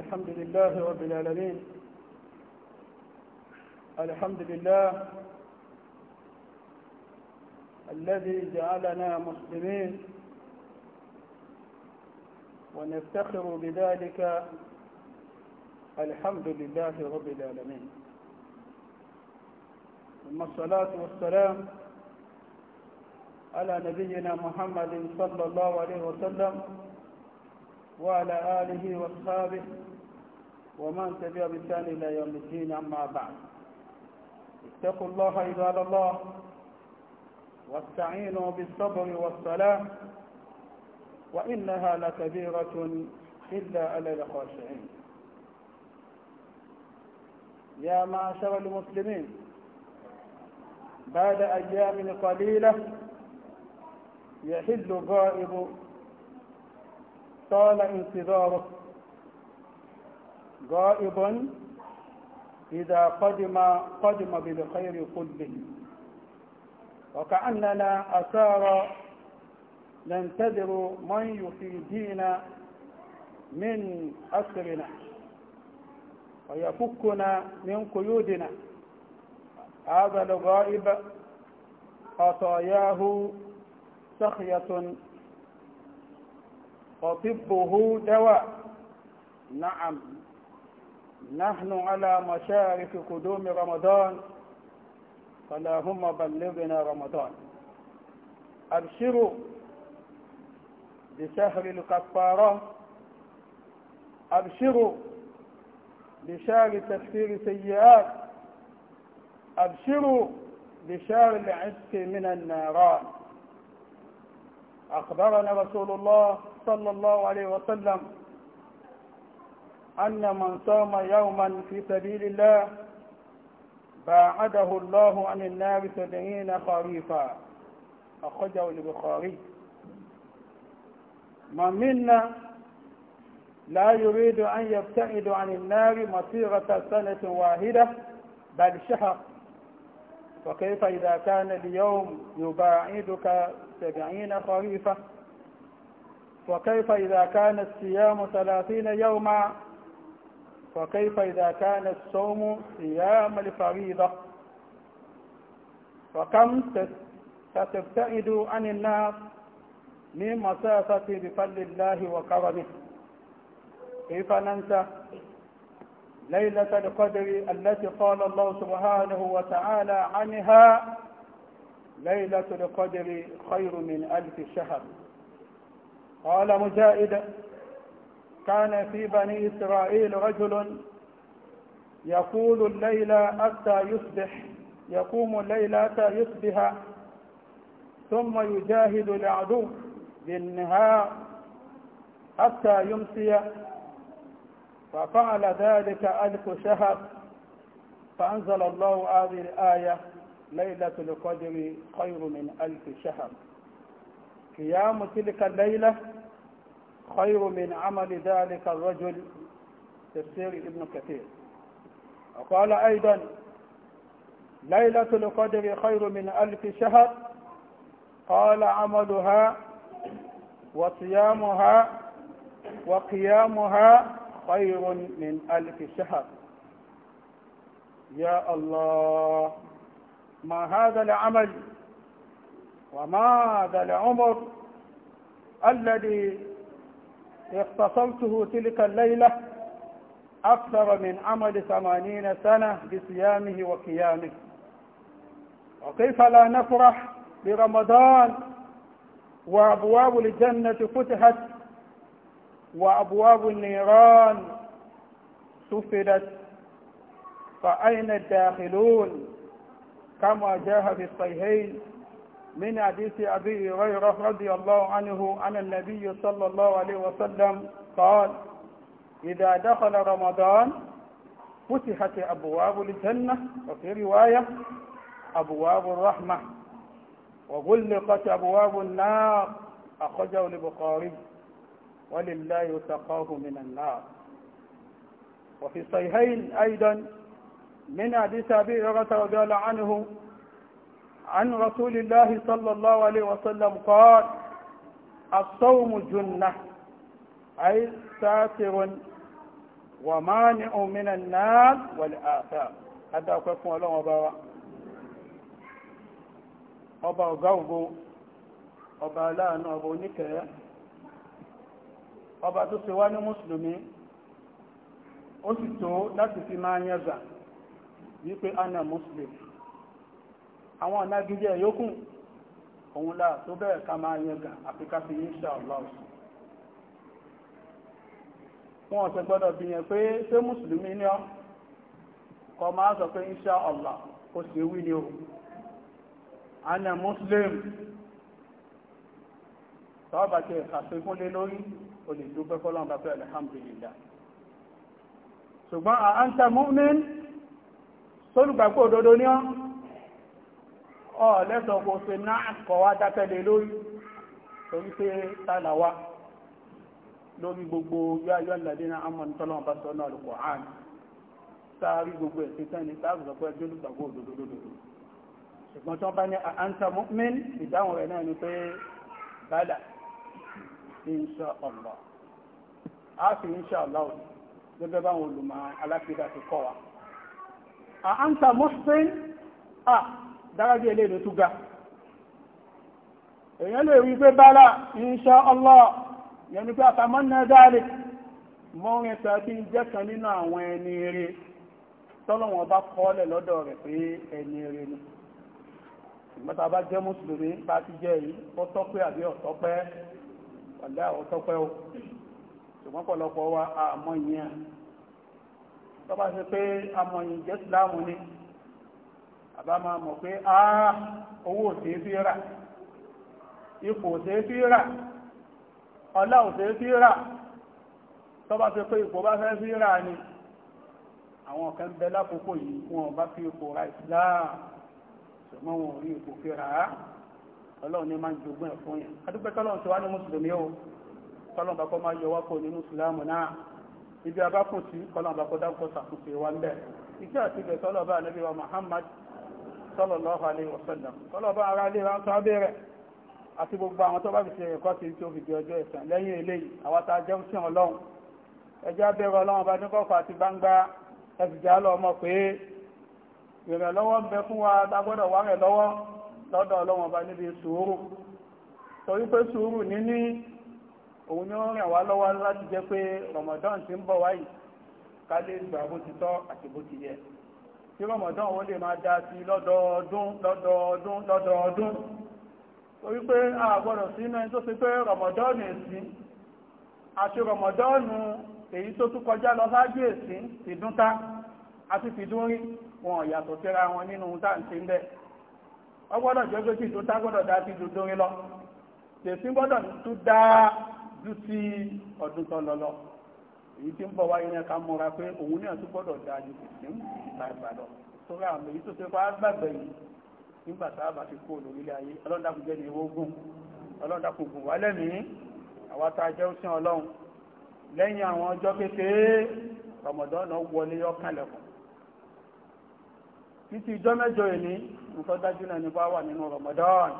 الحمد لله رب العالمين الحمد لله الذي جعلنا مسلمين ونفتخر بذلك الحمد لله رب العالمين ثم الصلاة والسلام على نبينا محمد صلى الله عليه وسلم وعلى آله وأصحابه ومن تبع بإحسان إلى يوم الدين أما بعد اتقوا الله عباد الله واستعينوا بالصبر والصلاة وإنها لكبيرة إلا على الخاشعين يا معشر المسلمين بعد أيام قليلة يحل غائب طال انتظاره غائب إذا قدم قدم بالخير قلبه وكأننا أثار ننتظر من يفيدينا من أسرنا ويفكنا من قيودنا هذا الغائب خطاياه سخية فطبه دواء نعم نحن على مشارف قدوم رمضان فاللهم بلغنا رمضان أبشروا بشهر الكفارة أبشروا بشهر تكفير سيئات أبشروا بشهر العتق من النيران أخبرنا رسول الله صلى الله عليه وسلم أن من صام يوما في سبيل الله باعده الله عن النار سبعين خريفا أخرجه البخاري من منا لا يريد أن يبتعد عن النار مسيرة سنة واحدة بل شهر وكيف إذا كان اليوم يباعدك سبعين خريفاً وكيف إذا كان الصيام ثلاثين يوما وكيف إذا كان الصوم صيام الفريضة وكم ستبتعد عن الناس من مسافة بفضل الله وكرمه كيف ننسى ليلة القدر التي قال الله سبحانه وتعالى عنها ليلة القدر خير من ألف شهر قال مجاهد كان في بني إسرائيل رجل يقول الليل حتى يصبح يقوم الليل حتى يصبح ثم يجاهد العدو بالنهار حتى يمسي ففعل ذلك ألف شهر فأنزل الله هذه الآية ليلة القدر خير من ألف شهر قيام تلك الليلة خير من عمل ذلك الرجل تفسير ابن كثير وقال أيضا ليلة القدر خير من ألف شهر قال عملها وصيامها وقيامها خير من ألف شهر يا الله ما هذا العمل وما هذا العمر الذي اختصمته تلك الليلة أكثر من عمل ثمانين سنة بصيامه وقيامه وكيف لا نفرح برمضان وأبواب الجنة فتحت وأبواب النيران سفلت فأين الداخلون كما جاء في الصحيحين من حديث أبي هريرة رضي الله عنه عن النبي صلى الله عليه وسلم قال إذا دخل رمضان فتحت أبواب الجنة وفي رواية أبواب الرحمة وغلقت أبواب النار أخرجه البخاري ولله سقاه من النار وفي صحيحين أيضا من حديث أبي هريرة رضي الله عنه عن رسول الله صلى الله عليه وسلم قال الصوم جنة أي ساتر ومانع من النار والآثام هذا أقول الله أبا أبا غوغو أبا لان أبو نكاية أبا تسواني مسلمي ó sì tó láti fi máa yẹ́zà wípé ana muslim àwọn ọ̀nàgíjẹ́ yókùn òun láà tó bẹ́ẹ̀ ká máa yẹn gà àfikà fi insha Allah wọn ọ̀sẹ̀ gbọ́dọ̀ bí yẹn pé ṣé mùsùlùmí ní ọ́ máa sọ pé insha Allah ó sì wí ni o ana muslim tọ́ọ̀bà tẹ àfikúnlé lórí o lè dúpẹ́ fọ́lọ́n bá pẹ́ alhamdulillah ṣùgbọ́n à ọ lẹ́sọ̀ kò ṣe náà kọ̀ wá dákẹ́lẹ̀ lórí torí pé tààlà wá lórí gbogbo yáyọ́ lẹ́dínà amọ̀ntọ́lọ́ bá sọ náà lùkọ̀ àn sáárí gbogbo ẹ̀sìn tán ní sáàrù lọ́pọ̀ ẹjọ́ lùgbàgbọ́ a fi insha Allah gẹ́gẹ́ báwọn olùmọ̀ alákìdá ti kọ́ wa àǹtà mọ́sìn dáràjẹ́ ilé ìlú túga èyàn lè wí pé bálá insha Allah yẹni pé àtàmọ́nà dáàlì mọ́rin tàbí jẹ́ kan nínú àwọn ẹni eré tọ́lọ̀wọ̀n bá kọ́ọ́lẹ̀ lọ́dọ̀ rẹ̀ pé ẹni eré ni ìgbọ́ta bá jẹ́ mùsùlùmí bá ti jẹ́ yìí ọ̀tọ̀ pé àbí ọ̀tọ̀ àbá máa mọ̀ pé áá ah, owó òsèé fi rà ipò òsèé fi rà ọlá òsèé fi rà tọ́ba fi pé ipò bá fẹ́ fi rà ni àwọn kan bẹ lákòókò yìí wọn bá fi ipò ra islam ṣùgbọ́n wọn ò rí ipò fi rà á ọlọ́run ní o tọ́lọ́run bá kọ́ máa yọ wá kó nínú ìsìlámù náà ibi abákùn sí kọ́lọ́run bá kọ́ dákọ̀ ṣàkóso wa ń bẹ̀ iṣẹ́ àti ibẹ̀ tọ́lọ́run bá wa Muhammad sallallahu alaihi wasallam àti gbogbo àwọn tó bá fi ṣe ẹ̀kọ́ sí tó fi di ọjọ́ ẹ̀san lẹ́yìn eléyìí àwọn jẹ́ sí ọlọ́run ẹjẹ́ abẹ́rẹ́ ọlọ́run bá níkọ̀ọ̀kọ̀ àti gbangba ẹ̀sìjà lọ mọ̀ pé ìrànlọ́wọ́ ń bẹ fún wa tá gbọ́dọ̀ rẹ̀ lọ́wọ́ lọ́dọ̀ ọlọ́run kí rọmọdán wọ́n lè máa dá sí lọ́dọọdún lọ́dọọdún lọ́dọọdún torí pé a gbọ́dọ̀ sí iná tó ṣe pé rọmọdán èsì àti rọmọdán èyí tó tún kọjá lọ sáájú èsì fìdúntá àti fìdúnrí wọn yàtọ̀ síra wọn nínú táǹtí ń bẹ ọ gbọ́dọ̀ jẹ́ pé kí ìdúntá gbọ́dọ̀ dá sí dúdúnrí lọ tèsí gbọ́dọ̀ tún dá ju ti ọdún tó lọ lọ èyí tí ń bọ̀ wáyé náà ká mọ́ra pé òun náà tó gbọ́dọ̀ dáa ju kìsìn ìgbà ìbàdàn sórí àmì èyí tó ṣe pa gbàgbẹ́ yìí nígbà tá a bá fi kó lórílẹ̀ ayé ọlọ́dàkùn jẹ́ ní ewógún ọlọ́dàkùn gùn wálẹ̀ mí àwa tá a jẹ́ òsín ọlọ́run lẹ́yìn àwọn ọjọ́ kékeré rọmọdán náà wọlé ọkànlẹ̀kùn títí ìjọ mẹ́jọ èní nǹkan dájú náà ní bá wà nínú rọmọdán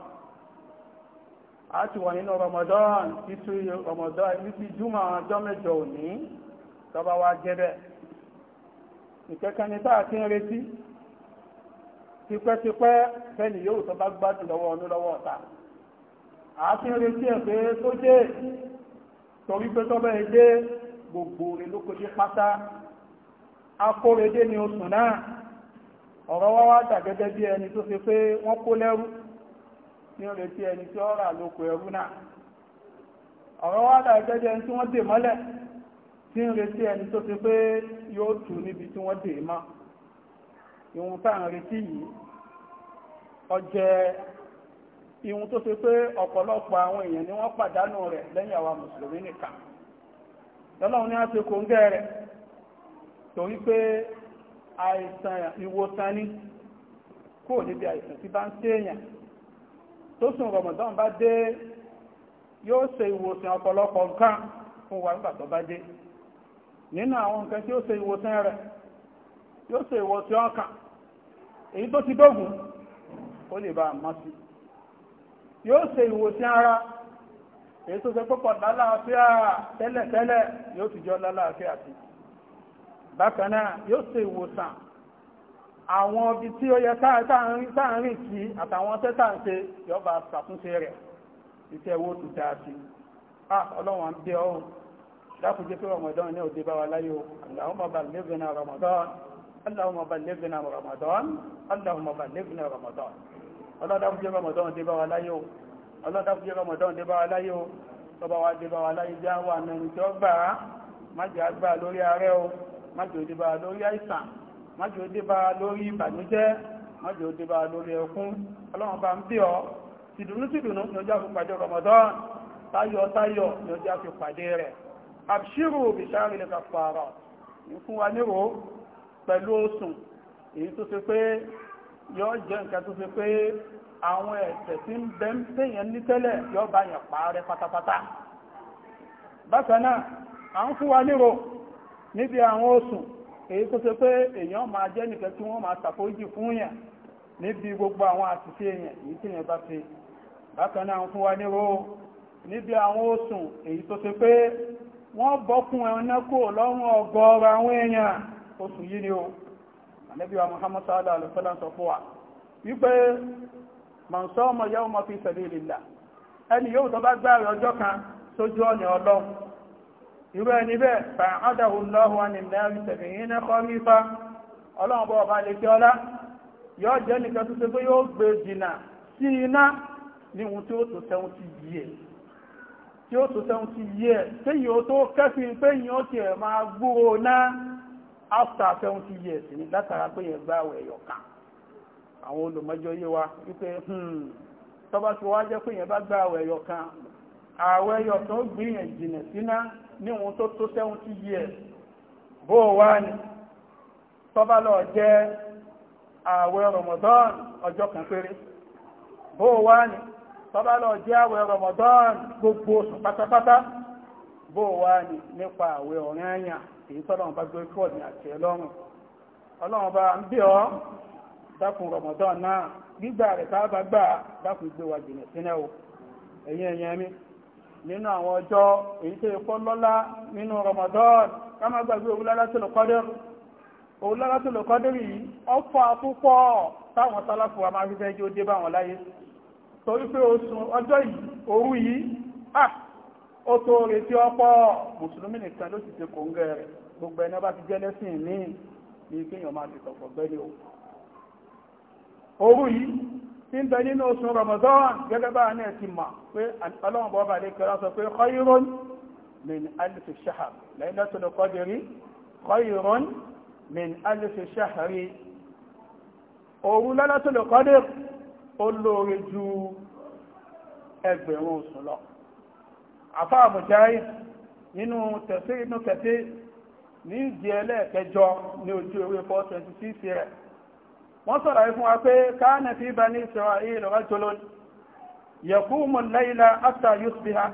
a ti wà nínú rọmọdán títí rọmọdán títí júmọ̀ ọjọ́ mẹ́jọ òní tọba wa jẹ́ bẹ́ẹ̀ ni táà ti ń retí tipẹ́tipẹ́ fẹ́ni yóò tó bá gbádùn lọ́wọ́ ọdún lọ́wọ́ ọ̀tá a ti ń retí ẹ̀ tó jẹ́ torí pé gbogbo rẹ̀ ló kojú pátá akóredé ni oṣù náà ọ̀rọ̀ wá wá gẹ́gẹ́ bí ẹni tó pé wọ́n kó lẹ́rú ní retí ẹni náà ọ̀rọ̀ tí ń retí ẹni tó ti pé yóò tù níbi tí wọ́n dè mọ́ ìwọ̀n tá à ń retí yìí ọjẹ́ ìwọ̀n tó ti ọ̀pọ̀lọpọ̀ àwọn èèyàn ni wọ́n pàdánù rẹ̀ lẹ́yìn àwa mùsùlùmí nìkan lọ́lọ́run ní àti kòńgẹ́ rẹ̀ torí pé àìsàn ìwòsàn ni níbi àìsàn tí bá ń tó sùn rọmọdán bá dé yóò ṣe ìwòsàn ọ̀pọ̀lọpọ̀ nǹkan fún wa nígbà nínú àwọn nǹkan tí ó se ìwòsàn rẹ̀ yóò ṣe ìwòsàn ọkàn èyí tó ti dógùn ó lè bá àmọ́ sí yóò ṣe ìwòsàn ara èyí tó ṣe pọ́pọ̀ lálàáfíà tẹ́lẹ̀tẹ́lẹ̀ yóò ti jọ lálàáfíà sí bákan náà yóò ṣe ìwòsàn àwọn ibi tí ó yẹ táàrin sí àtàwọn tẹ́ tà ń ṣe yọba ṣàtúnṣe rẹ̀ iṣẹ́ owó dáa sí ah, ọlọ́wọ́n ń bẹ ọ́ dákùnjẹ́ pé Ramadan ní òdé bá wa láyò Allahumma ballighna Ramadan Allahumma ballighna Ramadan Allahumma ballighna Ramadan ọlọ́dákùnjẹ́ Ramadan dé bá wa láyò ọlọ́dákùnjẹ́ Ramadan dé bá wa láyò tọba wa dé bá wa láyò já wà nínú tí ó gbà á májè àgbà lórí ààrẹ o májè ó dé bá wa lórí àìsàn májè ó dé bá wa lórí ìbànújẹ́ májè ó dé bá tìdùnú tìdùnú ni ó já Ramadan táyọ̀ táyọ̀ ni ó já rẹ̀ àbṣírò bìṣàrí lè kàfàrà fún wa nírò pẹ̀lú oṣù èyí tó ṣe pé yọ jẹ́ nǹkan tó ṣe pé àwọn ẹ̀ṣẹ̀ tí ń bẹ ń pèyàn ní tẹ́lẹ̀ yọ bá yàn pààrẹ pátápátá bákan náà ń fún wa nírò níbi àwọn èyí tó gbogbo àwọn àṣìṣe yàn èyí tí yẹn bá ń wọ́n bọ́kún ẹ̀ọ́ná kò lọ́rùn ọgọ́rọ̀ àwọn èèyàn oṣù yìí ni o Ànábì ya Muhammad ala alaihi wasallam sọ fún wa wípé man ya fi sabilillah ẹni yóò ọjọ kan soju jẹ́ nìkan tó ṣe pé yóò gbé sí iná ní ohun tí ó tó sẹ́hun ti yẹ téyìn ó tó kẹ́fìn pé yìn ó ti ẹ̀ máa gbúrò náà after sẹ́hun ti yẹ sí ní látara pé yẹn gbá àwẹ̀ ẹ̀yọ̀ kan àwọn olùmọ́jọ yé wa wípé hmm, tọ́ba ti wá jẹ́ pé yẹn bá gbá àwẹ̀ ẹ̀yọ̀ kan àwẹ̀ ẹ̀yọ̀ kan ó gbìyàn jìnà síná níwọ̀n tó tó sẹ́hun ti yẹ bó wá ni tọ́ba lọ jẹ́ àwẹ̀ Ramadan ọjọ́ kan péré bó wá ni tọ́bá lọ jẹ́ àwẹ̀ Ramadan gbogbo oṣù pátápátá bó wá ní nípa àwẹ̀ ọ̀rẹ́ àyà èyí tọ́lọ́run bá gbé kọ́ ní àti ẹlọ́run ọlọ́run bá ń bí ọ dákun Ramadan náà gbígbà rẹ̀ tá bá gbà dákun gbé wa jìnà sínẹ́ o ẹ̀yin ẹ̀yẹn mi nínú àwọn ọjọ́ èyí tó kọ́ lọ́lá nínú Ramadan ká má gbàgbé òun lọ́lá tó lọ kọ́dọ̀ òun lọ́lá tó lọ kọ́dọ̀ yìí ọ̀fọ̀ àpúpọ̀ táwọn sálàfù torí pé oṣù ọjọ́ yìí òru yìí à ah, ó tó retí ọ̀pọ̀ mùsùlùmí nìkan ló ti ṣe kòǹgẹ́ rẹ̀ gbogbo ẹni bá ti jẹ́ lẹ́sìn ní ní kéèyàn máa ti sọ̀pọ̀ gbẹ́ni o òru yìí tí ń bẹ nínú oṣù Ramadan gẹ́gẹ́ bá ní ẹ̀sìn mà pé ọlọ́run bọ́ bá lè kẹ́ra sọ pé khayrun min alif shahr Laylatul Qadri khayrun min alif shahr òru Laylatul Qadri ó lóore ju ẹgbẹ̀rún oṣù lọ àfáà mùjáì nínú tẹ̀sí inú kẹtí ní ìdí ẹlẹ́ẹ̀kẹjọ ní ojú ewé 426 rẹ̀ wọ́n sọ̀rọ̀ fún wa pé káàna fi bani Isra'il rajulun yaqumu al-layla hatta yusbiha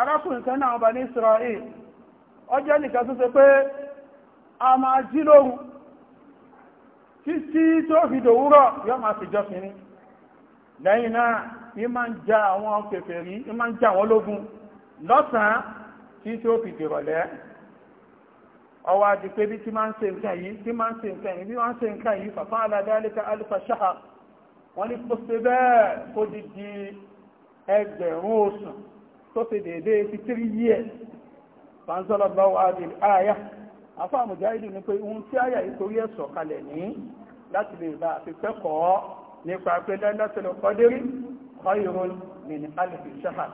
arákùnrin kan náà bani Isra'il ọjọ́ nìkan tó ṣe pé a máa jí lóru títí tó fi dòwúrọ̀ yóò máa fi jọ́sìn ní lẹ́yìn náà ní máa ń já àwọn kèfèrí ní máa ń já àwọn lógun lọ́sàn-án tí tí ó fi dìrọ̀lẹ́ ọwọ́ àti pé bí tí máa ń ṣe nǹkan yìí tí máa ń se nǹkan yìí bí wọ́n ń ṣe nǹkan yìí fàfán aládálẹ́ka alifa ṣáà wọ́n ní kó ṣe bẹ́ẹ̀ kó di di ẹgbẹ̀rún oṣù tó ṣe dédé ti tírí yíẹ̀ fanzọ́lọ́gbọ́wọ́ adìl àyà afọ́ àmùjáìdì ni pé ohun tí àyà ìtorí ẹ̀sọ̀ kalẹ̀ ní láti lè bá àfikẹ́kọ̀ọ́ nípa pé lailatul qadri khayrun min alfi shahr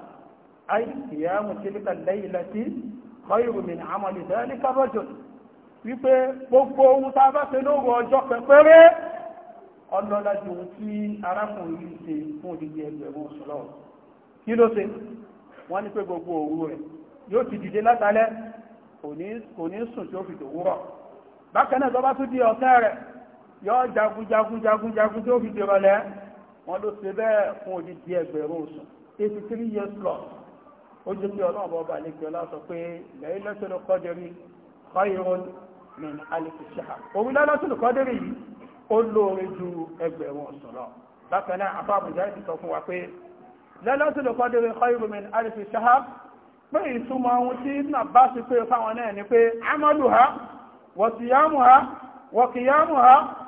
ay qiyamu tilka laylati khayrun min amali dhalika rajul wípé gbogbo ohun tá a bá ṣe lóru ọjọ́ pẹ́pẹ́rẹ́ ọlọ́lá ju ohun tí arákùnrin yìí ṣe fún òdìdí ẹgbẹ̀rún sọ́lọ́ kí ló ṣe wọ́n ní pé gbogbo òru rẹ̀ yóò ti dìde látàlẹ́ kò ní sùn tí ó fi dòwúrọ̀ bákan náà tó bá tún di ọ̀sán rẹ̀ yọ jagun jagun jagun jagun tí ó fi dìrọ̀lẹ́ wọn ló ṣe bẹ́ẹ̀ fún odidi ẹgbẹ̀rún oṣù eighty three years plus ó jẹ́ pé ọlọ́run bọ́ba àlejò ọlá sọ pé Laylatul Qadri khayrun min alif shahr òru Laylatul Qadri yìí ó lóore ju ẹgbẹ̀rún oṣù lọ bákan náà afọ àbújá ti sọ fún wa pé Laylatul Qadri khayrun min alif pé ìtumọ̀ ohun tí nàbá sí pé fáwọn náà ni pé amaluha wa siyamuha wa qiyamuha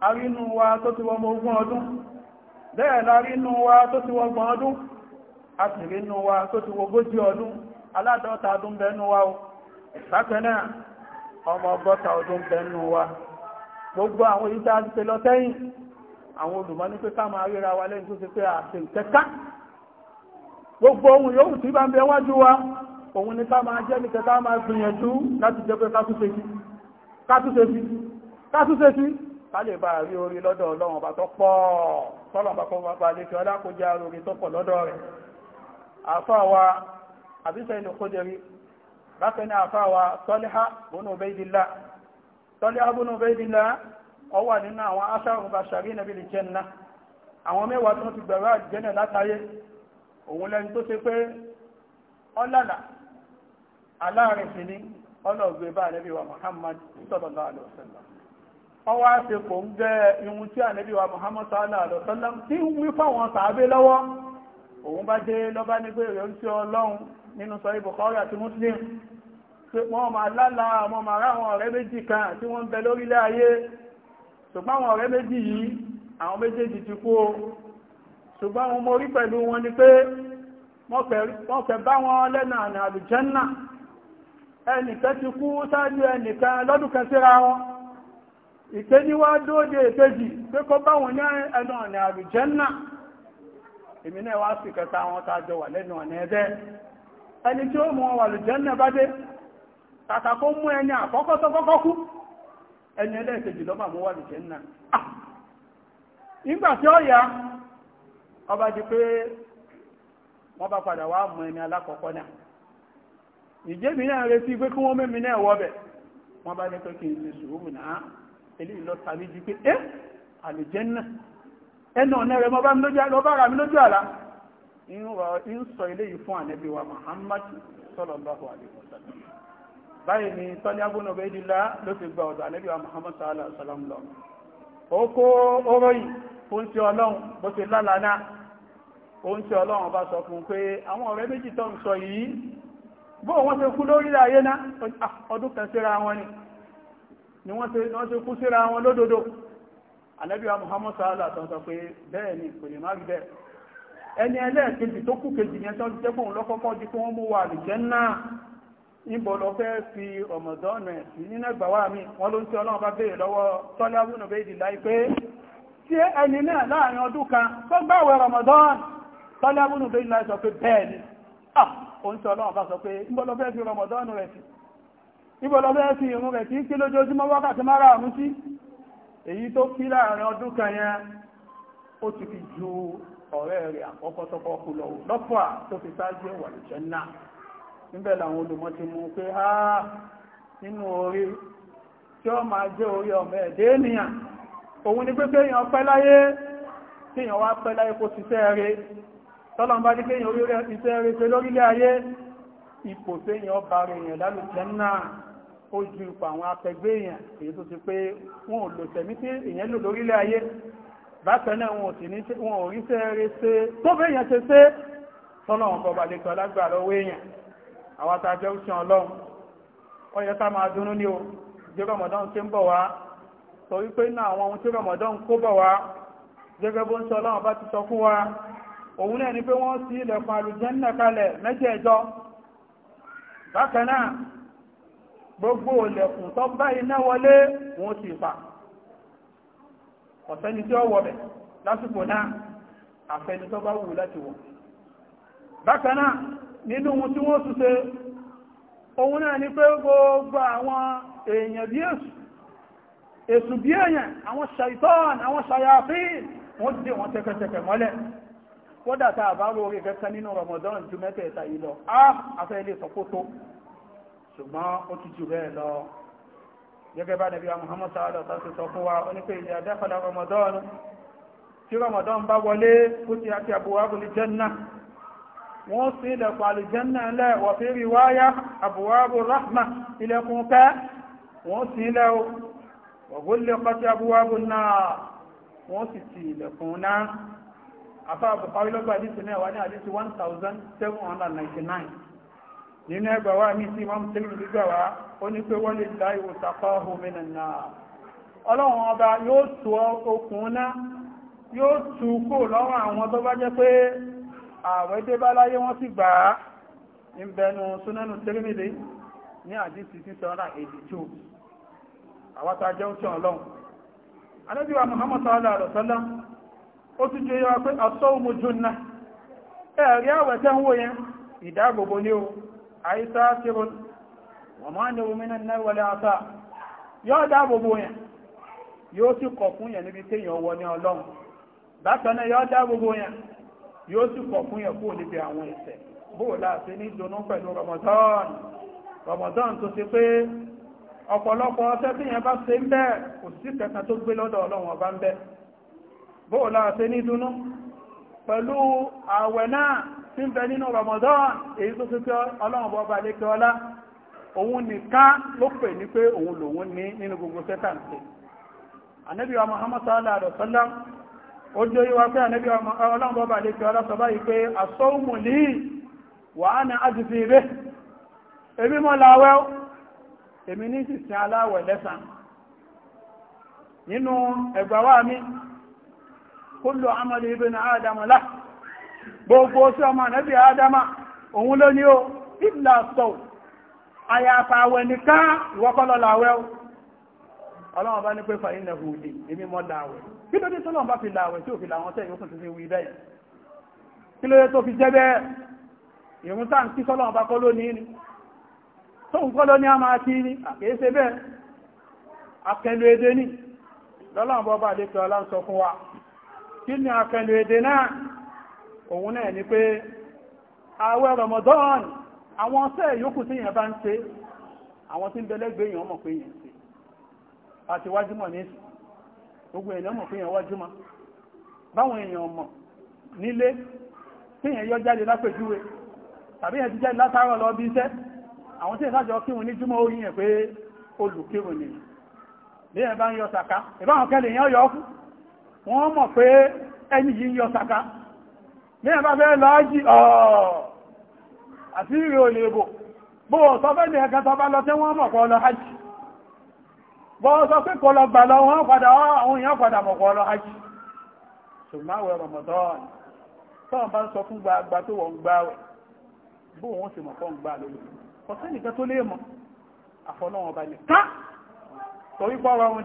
arínú wa tó ti wọ́n ogún ọdún bẹ́ẹ̀ larínú wa tó ti wọ́n gbọ́n ọdún a sì rínú wa tó ti wogójì ọdún aládọ́ta ọdún bẹ́nu wa o bákanáà ọmọ ọgọ́ta ọdún bẹ́nu wa gbogbo àwọn yìí tá a ti pe lọ sẹ́yìn àwọn olùmọ̀ ní pé ká máa ríra wa lẹ́yìn tó ti pé àṣẹ ìtẹ́ká gbogbo ohun yóò tí bá ń bẹ wájú wa òun ni ká máa jẹ́ nìkẹ́ ká máa gbìyànjú láti jẹ́ pé ká túnṣe sí kálẹ̀ bá rí orí lọ́dọ̀ ọlọ́run bá tó pọ̀ tọ́lọ̀bá kọ́ bá lè fi ọlá kó já orí tó pọ̀ lọ́dọ̀ rẹ̀ àfáwa àbísẹ́ inú kódẹ̀rí bákan náà àfáwa tọ́líhá bónú bẹ́ẹ̀dìlá tọ́líhá bónú bẹ́ẹ̀dìlá ó wà nínú àwọn aṣáàrùn bá ṣàrí nàbí lè jẹ́ nná àwọn mẹ́wàá tó ti gbẹ̀rọ àjẹ́nà látayé ọwọ́ àti kò ń gẹ́ ihun tí ànábì wa Muhammad sallallahu alaihi wasallam tí ń wí fáwọn sàábé lọ́wọ́ òun bá dé lọ́bá ní pé rẹ̀ ń tí ọlọ́run nínú sọ Bukhari àti Muslim pé wọ́n máa lálà àwọn màrá àwọn ọ̀rẹ́ méjì kan tí wọ́n ń bẹ méjèèjì ti kú o ṣùgbọ́n wọn mo rí pẹ̀lú wọn ni pé wọ́n fẹ́ bá wọn lẹ́nà àlùjánnà ẹnìkan ti kú sáájú ẹnìkan lọ́dún kan wọn ìkéníwá dóde ìkéjì pé kó báwọn ní ẹnu ọ̀nà àlùjẹ́nà èmi náà wá sí kẹta àwọn tàjọ wà lẹ́nu ọ̀nà ẹ̀dẹ́ ẹni tí ó mú wọn wà lùjẹ́nà bá dé kàkà kó mú ẹni àkọ́kọ́ tó kọ́kọ́ kú ẹni ẹlẹ́ẹ̀kejì ló mà mú wà lùjẹ́nà ah! nígbà tí ó yá ọba di pé wọ́n bá padà wá mú ẹni alákọ̀ọ́kọ́ náà ìjẹ́mi náà retí pé kí wọ́n mẹ́mi náà wọ́bẹ̀ wọ́n bá ní pé kí n ti sùúrù náà eléyìí lọ ta méjì pé ẹ́ eh, àlùjẹ́nà ẹnu ọ̀nà rẹ̀ lọ́ba ara mi lójú àlá ń sọ eléyìí fún ànẹ́bí wa Muhammad sallallahu alaihi wasallam báyìí ni sọ́ni abúlé ọbẹ̀ ìdílá ló ti gba ọ̀dọ̀ ànẹ́bí wa Muhammad sallallahu alaihi wasallam lọ ó kó oró yìí fún ti ọlọ́run bó ti lálàánà òun tí ọlọ́run bá sọ fún pé àwọn ọ̀rẹ́ méjì tó ń sọ yìí bó wọ́n ṣe kú lórí ayé náà ah, ọdún kan síra wọn ni ni wọ́n ṣe wọ́n ṣe kú síra wọn lódodo ànábì wa muhammad sallallahu alaihi wasallam pé bẹ́ẹ̀ ni kò lè má rí bẹ́ẹ̀ ẹni ẹlẹ́ẹ̀kejì tó kú kejì yẹn tán jẹ́ pòun lọ́kọ́kọ́ di kí wọ́n mú wa àlùjẹ́ náà níbo lọ fẹ́ fi ọmọdọ́nà ẹ̀sìn nínú ẹgbà wa mi wọ́n ló ń tí ọlọ́run bá béèrè lọ́wọ́ tọ́lá wúnà bẹ́ẹ̀ dìlá pé tí ẹni náà láàrin ọdún kan tó gbàwẹ̀ ramadan tọ́lá wúnà bẹ́ẹ̀ dìlá sọ pé bẹ́ẹ̀ ni ah òun tí ọlọ́run bá sọ pé níbo lọ fẹ́ fi ramadan rẹ̀ níbọ̀lọ́ fẹ́ fi ìrun rẹ̀ tí kí lójoojúmọ́ wákàtí mara àmú sí èyí tó kí láàrin ọdún kan yẹn ó ti fi ju ọ̀rẹ́ rẹ̀ àkọ́kọ́ tọ́kọ́ kú lọ lọ́pọ̀ tó fi sáájú ẹ̀wà lè jẹ́ náà níbẹ̀ làwọn olùmọ̀ ti mú pé á nínú orí tí ó máa jẹ́ orí ọmọ ẹ̀dẹ́ ènìyàn òun ni pé kéèyàn pẹ́ láyé kéèyàn wá pẹ́ láyé kó ṣiṣẹ́ rẹ̀ tọ́lọ́n bá ní kéèyàn orí rẹ̀ ṣiṣẹ́ rẹ̀ pé lórílẹ̀ ayé ipò téèyàn bá rẹ̀ yẹn lálùjẹ́ náà ó ju ipò àwọn akẹgbẹ́ èèyàn èyí tó ti pé wọn ò lò tẹ̀mí tí èèyàn lò lórílẹ̀ ayé bákan náà wọn ò sì ní wọn ò rí sẹ́ẹ̀rẹ́ ṣe tó bẹ́ẹ̀ yẹn ṣe ṣe tọ́nà ọ̀gọ́ balẹ̀kọ́ lágbà lọ́wọ́ èèyàn àwọn àtàjọ òṣìṣẹ́ ọlọ́run ó yẹ ká máa dunnú ní o jẹ́ rọmọdán ṣe ń bọ̀ wá sọ wípé inú àwọn ohun tí rọmọdán kó bọ̀ wá gẹ́gẹ́ bó ń sọ ọlọ́run bá ti sọ fún wa òun náà ni pé wọ́n ṣí ilẹ̀kùn àlùjẹ́ńnà kalẹ̀ mẹ́jẹ̀ẹ̀jọ bákan gbogbo olẹ̀kùn tó bá iná wọlé wọn ti pa ọ̀sẹ́ni tí ó wọ̀bẹ̀ lásìkò náà àfẹni tó bá wù láti wọ̀ bákan náà nínú ohun tí wọ́n tún ṣe ohun náà ni pé gbogbo àwọn èèyàn bí èṣù èṣù bí èèyàn àwọn ṣàìtọ́n àwọn ṣàyàfíì wọ́n dé wọn tẹ́kẹ́tẹ́kẹ́ mọ́lẹ̀ kódà tá a bá lórí kẹ́kẹ́ nínú Ramadan ju mẹ́tẹ̀ẹ̀ta yìí lọ á afẹ́ ilé sọ́kótó ṣùgbọ́n ó ti jù bẹ́ẹ̀ lọ gẹ́gẹ́ bá nàbí wa Muhammad sallallahu alaihi wasallam sọ fún wa ó ní pé ìyá dákọ̀lá Ramadan tí Ramadan bá wọlé kú ti àti abwaabul janna wọ́n sí ilẹ̀kùn àlùjẹ́nà ilẹ̀ wà fi rí wáyá àbúwábù rahma ilẹ̀kùn pẹ́ wọ́n sí ilẹ̀ o wọ̀gúnlẹ̀ pàtí àbúwábù náà wọ́n sì ti ilẹ̀kùn náà afá àbùkárí lọ́gbà àdísì 1799 nínú ẹgbà wá ní tí wọ́n tí lórí gbà wá ó ní pé wọ́n lè dá ìwò tapá homina náà ọlọ́run ọba yóò tú okùn náà yóò tú kó lọ́wọ́ àwọn tó bá jẹ́ pé ààwẹ̀ dé bá láyé wọ́n sì gbà á ìbẹnu súnánù ní àdísì tí sọ́ra àyí sáàtìrò wọ́n máa ní omínà náà wọlé àtà yóò dáàbòbò yẹn yóò sì kọ̀ fún yẹn níbi téèyàn wọ ní ọlọ́run bákan náà yóò dáàbòbò yẹn yóò sì kọ̀ fún yẹn kúrò níbi àwọn ẹ̀ṣẹ̀ bóò láti ní ìdùnnú pẹ̀lú Ramadan Ramadan tó ti pé ọ̀pọ̀lọpọ̀ ọ̀sẹ̀ tí yẹn bá ṣe ń bẹ kò sí kẹta tó gbé lọ́dọ̀ ọlọ́run ọba ń bẹ bóò láti ní ìdùnnú pẹ̀lú ààwẹ̀ náà tí ń bẹ nínú Ramadan èyí tó fi pé ọlọ́run bọ́ bá lékẹ́ ọlá òun nìkan ló pè ní pé òun lòun ní nínú gbogbo sẹ́tàǹtì ànábì wa Muhammad sallallahu ó jẹ́ yíwa pé ọlọ́run bọ́ bá lékẹ́ ọlá sọ báyìí pé gbogbo sí ọmọ ànẹ́bì adama òun ló ní ó ìlà sọ àyàfà àwẹ̀ nìkan ìwọ́kọ́lọ́lọ́ àwẹ̀ ó ọlọ́run bá ní pé fà ilẹ̀ hùdì èmi mọ́ láwẹ̀ kí ló dé tó lọ́n bá fi láwẹ̀ tí ò fi làwọn tẹ́yìn òkùn tuntun wí bẹ́ẹ̀ kí ló dé tó fi jẹ́ bẹ́ẹ̀ ìrún tá ń kí sọ́lọ́run bá kọ́ lónìí ni tóun kọ́ lónìí a máa kí ni àkèéṣe bẹ́ẹ̀ akẹlu èdè ní lọ́lọ́run bọ́ bá lè tọ́ ọlá ń sọ fún wa kí ni akẹlu èdè náà òun náà ni pé àwẹ̀ Ramadan àwọn ọ̀sẹ̀ yòókù tí èèyàn bá ń ṣe àwọn tí ń bẹ̀lẹ́gbẹ̀ èèyàn mọ̀ pé èèyàn ṣe àti wájúmọ̀ ní ìsìn gbogbo èèyàn mọ̀ pé èèyàn wájúmọ̀ báwọn èèyàn mọ̀ nílé tí èèyàn yọ jáde lápèjúwe tàbí èèyàn ti jáde látàárọ̀ lọ bí iṣẹ́ àwọn tí èèyàn sájọ kírun ní júmọ́ orí yẹn pé olùkírun ni bí èèyàn bá ń yọ sàká ìbáwọn kẹlẹ̀ èèyàn yọ ọkù wọ́n mọ̀ pé ẹni yìí ń yọ sàká ní ẹ̀bá fẹ́ láájì àti ìrìn olè ebò bóò sọ fẹ́ ní ẹ̀kẹ́ tọba lọ tí wọ́n mọ̀kọ́ lọ hajj bóò sọ pé kọ lọ gbà lọ wọ́n padà àwọn èèyàn padà mọ̀kọ́ lọ hajj ṣùgbáwẹ̀ Ramadan tọ́wọ́n bá ń sọ fún gbàgbà tó wọ́n gbáwẹ̀ bóò wọ́n sì mọ̀kọ́ gbà lórí kọ̀sẹ́nìkan tó lè mọ̀ àfọlọ́wọ́n bá lè ká torí pọ́ rọrùn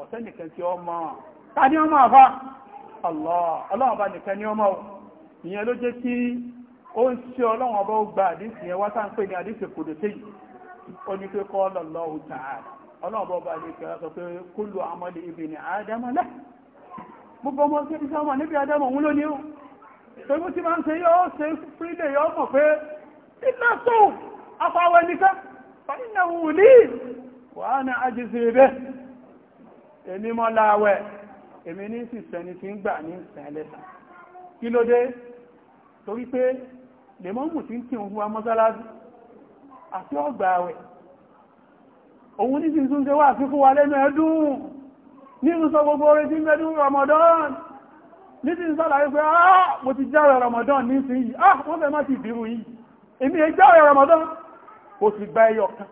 ọ̀sẹ́nìkan tí ọmọ ta ni ọmọ àfá ọlọ́wọ̀n nìkan ni ọmọ ìyẹn ló jẹ́ kí ó ń ṣe ọlọ́wọ̀n ó gba àdísì yẹn wá ń pè ní àdísì kòdò sí ó ní pé kọ́ lọ́lọ́wọ́ tààrà ọlọ́wọ̀n bá ní ibi ni gbogbo ọmọ sí níbi òun ó ṣe máa ń ṣe ṣe pé iná tó wàá èmi mọ́ láwẹ̀ èmi ní sísẹni tí ń gbà ní ìsẹ̀lẹ́sà kí ló dé torí pé lèmọ́mù tí ń kí òun wá mọ́sálásí àti ọgbà àwẹ̀ òun ní sísun ṣe wà fífún wa lẹ́nu ẹ̀dùn nínú sọ gbogbo orin tí mẹ́dún Ramadan ní ti ń sọ́lá wípé ah mo ti jáwẹ̀ Ramadan ní sí yìí ah wọ́n fẹ́ má ti bírú yìí èmi ẹ jáwẹ̀ Ramadan kò sì gba ẹyọ kan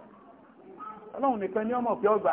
Ọlọ́run nìkan ní ọmọ pé ọgbà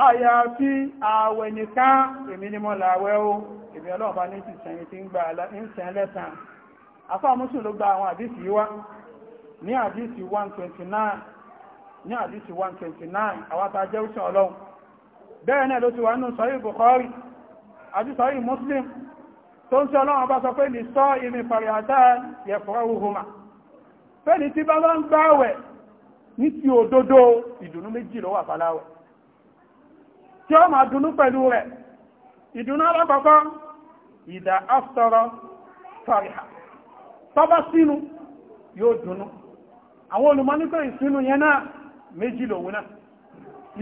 àyàfi ààwẹ̀ nìkan èmi ni mo làwẹ̀ o èmi ọlọ́run bá ní ti sẹ́yìn tí ń gbà ń sẹ́yìn lẹ́sàn afá mùsùlùmí ló gba àwọn àdìsí wá ní àdìsí 129 ní àdìsí 129 àwọn àtàjẹ́ òṣìṣẹ́ ọlọ́run bẹ́ẹ̀ náà ló ti wà nínú sọ́yìn Bukhari àti sọ́yìn Muslim tó ń sọ ọlọ́run bá sọ pé lè sọ ìmì fàríàtà yẹ̀fọ́ ohùnmà fẹ́ni tí bá bá ń gbáwẹ̀ ní ti òdodo ìdùnnú méjì ló wà fàláwẹ̀ tí ó máa dunú pẹ̀lú rẹ̀ ìdùnnú alákọ̀ọ́kọ́ ìdá aftara fariha tọ́bá sínú yóò dunú àwọn olùmọ̀ nípa ìsínú yẹn náà méjì lòun náà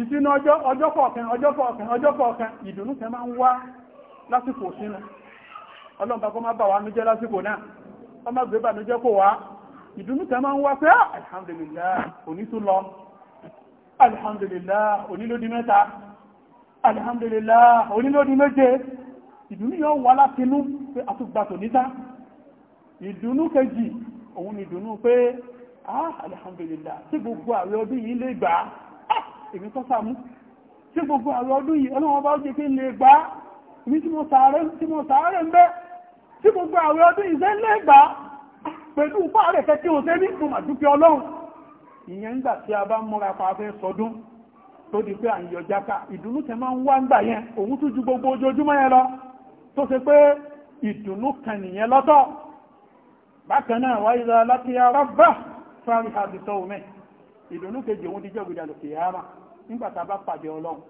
ìsínú ọjọ́ kọ̀ọ̀kan ọjọ́ kọ̀ọ̀kan ọjọ́ kọ̀ọ̀kan ìdùnnú kan máa ń wá lásìkò sínú ọlọ́mpa kó má bà wá alhamdulillah onílòdí méje ìdùnnú yóò wá látinú pé àtúgbàtò níta ìdùnnú kejì òun ni ìdùnnú pé ah alhamdulillah tí gbogbo àwẹ̀ ọdún yìí lè gbà á ah, èmi kọ́ sàmú tí gbogbo àwẹ̀ ọdún yìí ọlọ́wọ́n bá jẹ́ pé lè gbà á èmi tí mo sàárẹ̀ ń bẹ́ tí gbogbo àwẹ̀ ọdún yìí sẹ́ lè gbà á ah, pẹ̀lú fáàrẹ̀ kẹ́kẹ́ òṣèlú ìfún àdúgbẹ́ ọlọ́run ìyẹn ń gbà tí a bá múra pa fẹ́ sọdún tó di pé à ń yọ jáká ìdùnnú tẹ máa ń wá ń gbà yẹn òun tún ju gbogbo ojoojúmọ́ yẹn lọ tó ṣe pé ìdùnnú kan nìyẹn lọ́tọ̀ bákan náà wáyé lọ láti ara bá fárí àbìsọ omi ìdùnnú kejì òun díjọ́ ìgbìdàlò kìí ara nígbà tá a bá pàdé ọlọ́run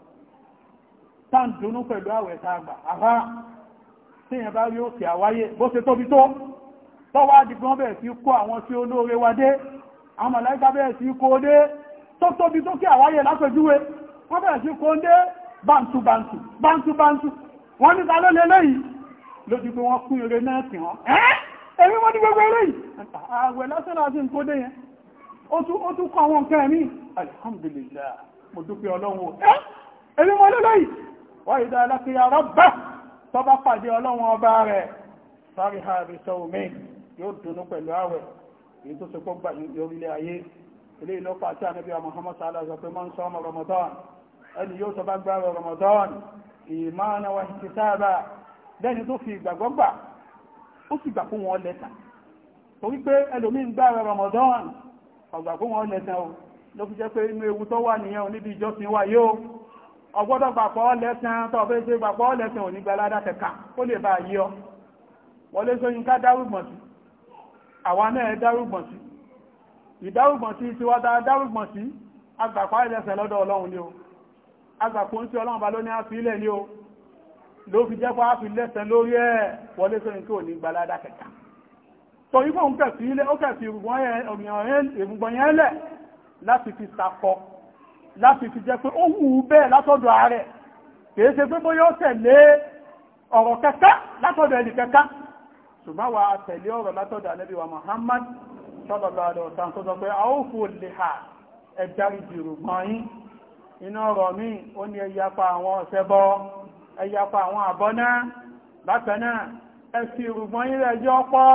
tá ń dunnú pẹ̀lú àwẹ̀ tá a gbà àfá tí yẹn bá rí òkè àwáyé bó ṣe tóbi tó tọ́wọ́ adigun bẹ̀rẹ̀ sí kó àwọn tí ó lóore wa dé àwọn màláìka bẹ̀rẹ̀ sí kó dé tó tóbi tó kí àwáyé lápẹjúwe wọ́n bẹ̀rẹ̀ sí kóńdé bántúbántú bántúbántú wọ́n ní tàà lólé lẹ́yìn lójú pé wọ́n kún eré náà tì wọ́n ẹ́ èmi wọ́n ní gbogbo eré yìí ààwẹ̀ lásán láti kóńdé yẹn ó tún kọ́ àwọn nǹkan ẹ̀mí alhamdulillah mo dúpẹ́ ọlọ́run ẹ́ èmi wọ́n lólé yìí wọ́n ìdá alákìyà rọ́bà tó bá pàdé ọlọ́run ọba rẹ̀ sáré ha àbísọ́ omi yóò ilé ìlọ́pọ̀ àti ànábì Muhammad sallallahu alaihi wasallam ń sọmọ Ramadan ẹni yóò sọ bá gbára Ramadan ìmáàna wa ti sáábà lẹ́ni tó fi ìgbàgbọ́ gbà ó sì gbà fún wọn lẹ́tà torí pé ẹlòmí ń gbára Ramadan ọgbà fún wọn lẹ́tà o ló fi jẹ́ pé inú ewu tó wà nìyẹn oníbi ìjọsìn wa yóò ọgbọ́dọ̀ gbàpọ̀ lẹ́sàn tó fẹ́ ṣe gbàpọ̀ lẹ́sàn ò ní gbalada kẹka ó lè bá yí ọ wọlé sóyínká dárúgbọ̀n sí àwa náà dárúgbọ̀n sí ìdáwùgbọ̀n tí ti wádá dáwùgbọ̀n tí agbàpá ìlẹ́sẹ̀ lọ́dọ̀ ọlọ́run ni o agbàpá ń tí ọlọ́run bá ló ní àfi ilẹ̀ ni o ló fi jẹ́pá àfi lẹ́sẹ̀ lórí ẹ̀ wọlé sóyìn kí ò ní gbalada kẹta tó yípo ń kẹfì ilẹ̀ ó kẹfì ìrùgbọ̀n yẹn lẹ̀ láti fi sakọ láti fi jẹ́ pé ó wù ú bẹ́ẹ̀ látọ̀dọ̀ wa tẹ̀lé ọ̀rọ̀ látọ̀dọ̀ ànábì wa Muhammad sọ́lọ̀lọ́ àdọ̀ta tó sọ pé a ó fò lè ha ẹ̀dárí jìrò gbọ́nyìn iná ọ̀rọ̀ mi ó ní ẹyapa àwọn ọ̀sẹ́bọ́ ẹyapa àwọn àbọ́ná bákanáà ẹ̀sì ìrùgbọ́nyìn rẹ̀ jọ pọ̀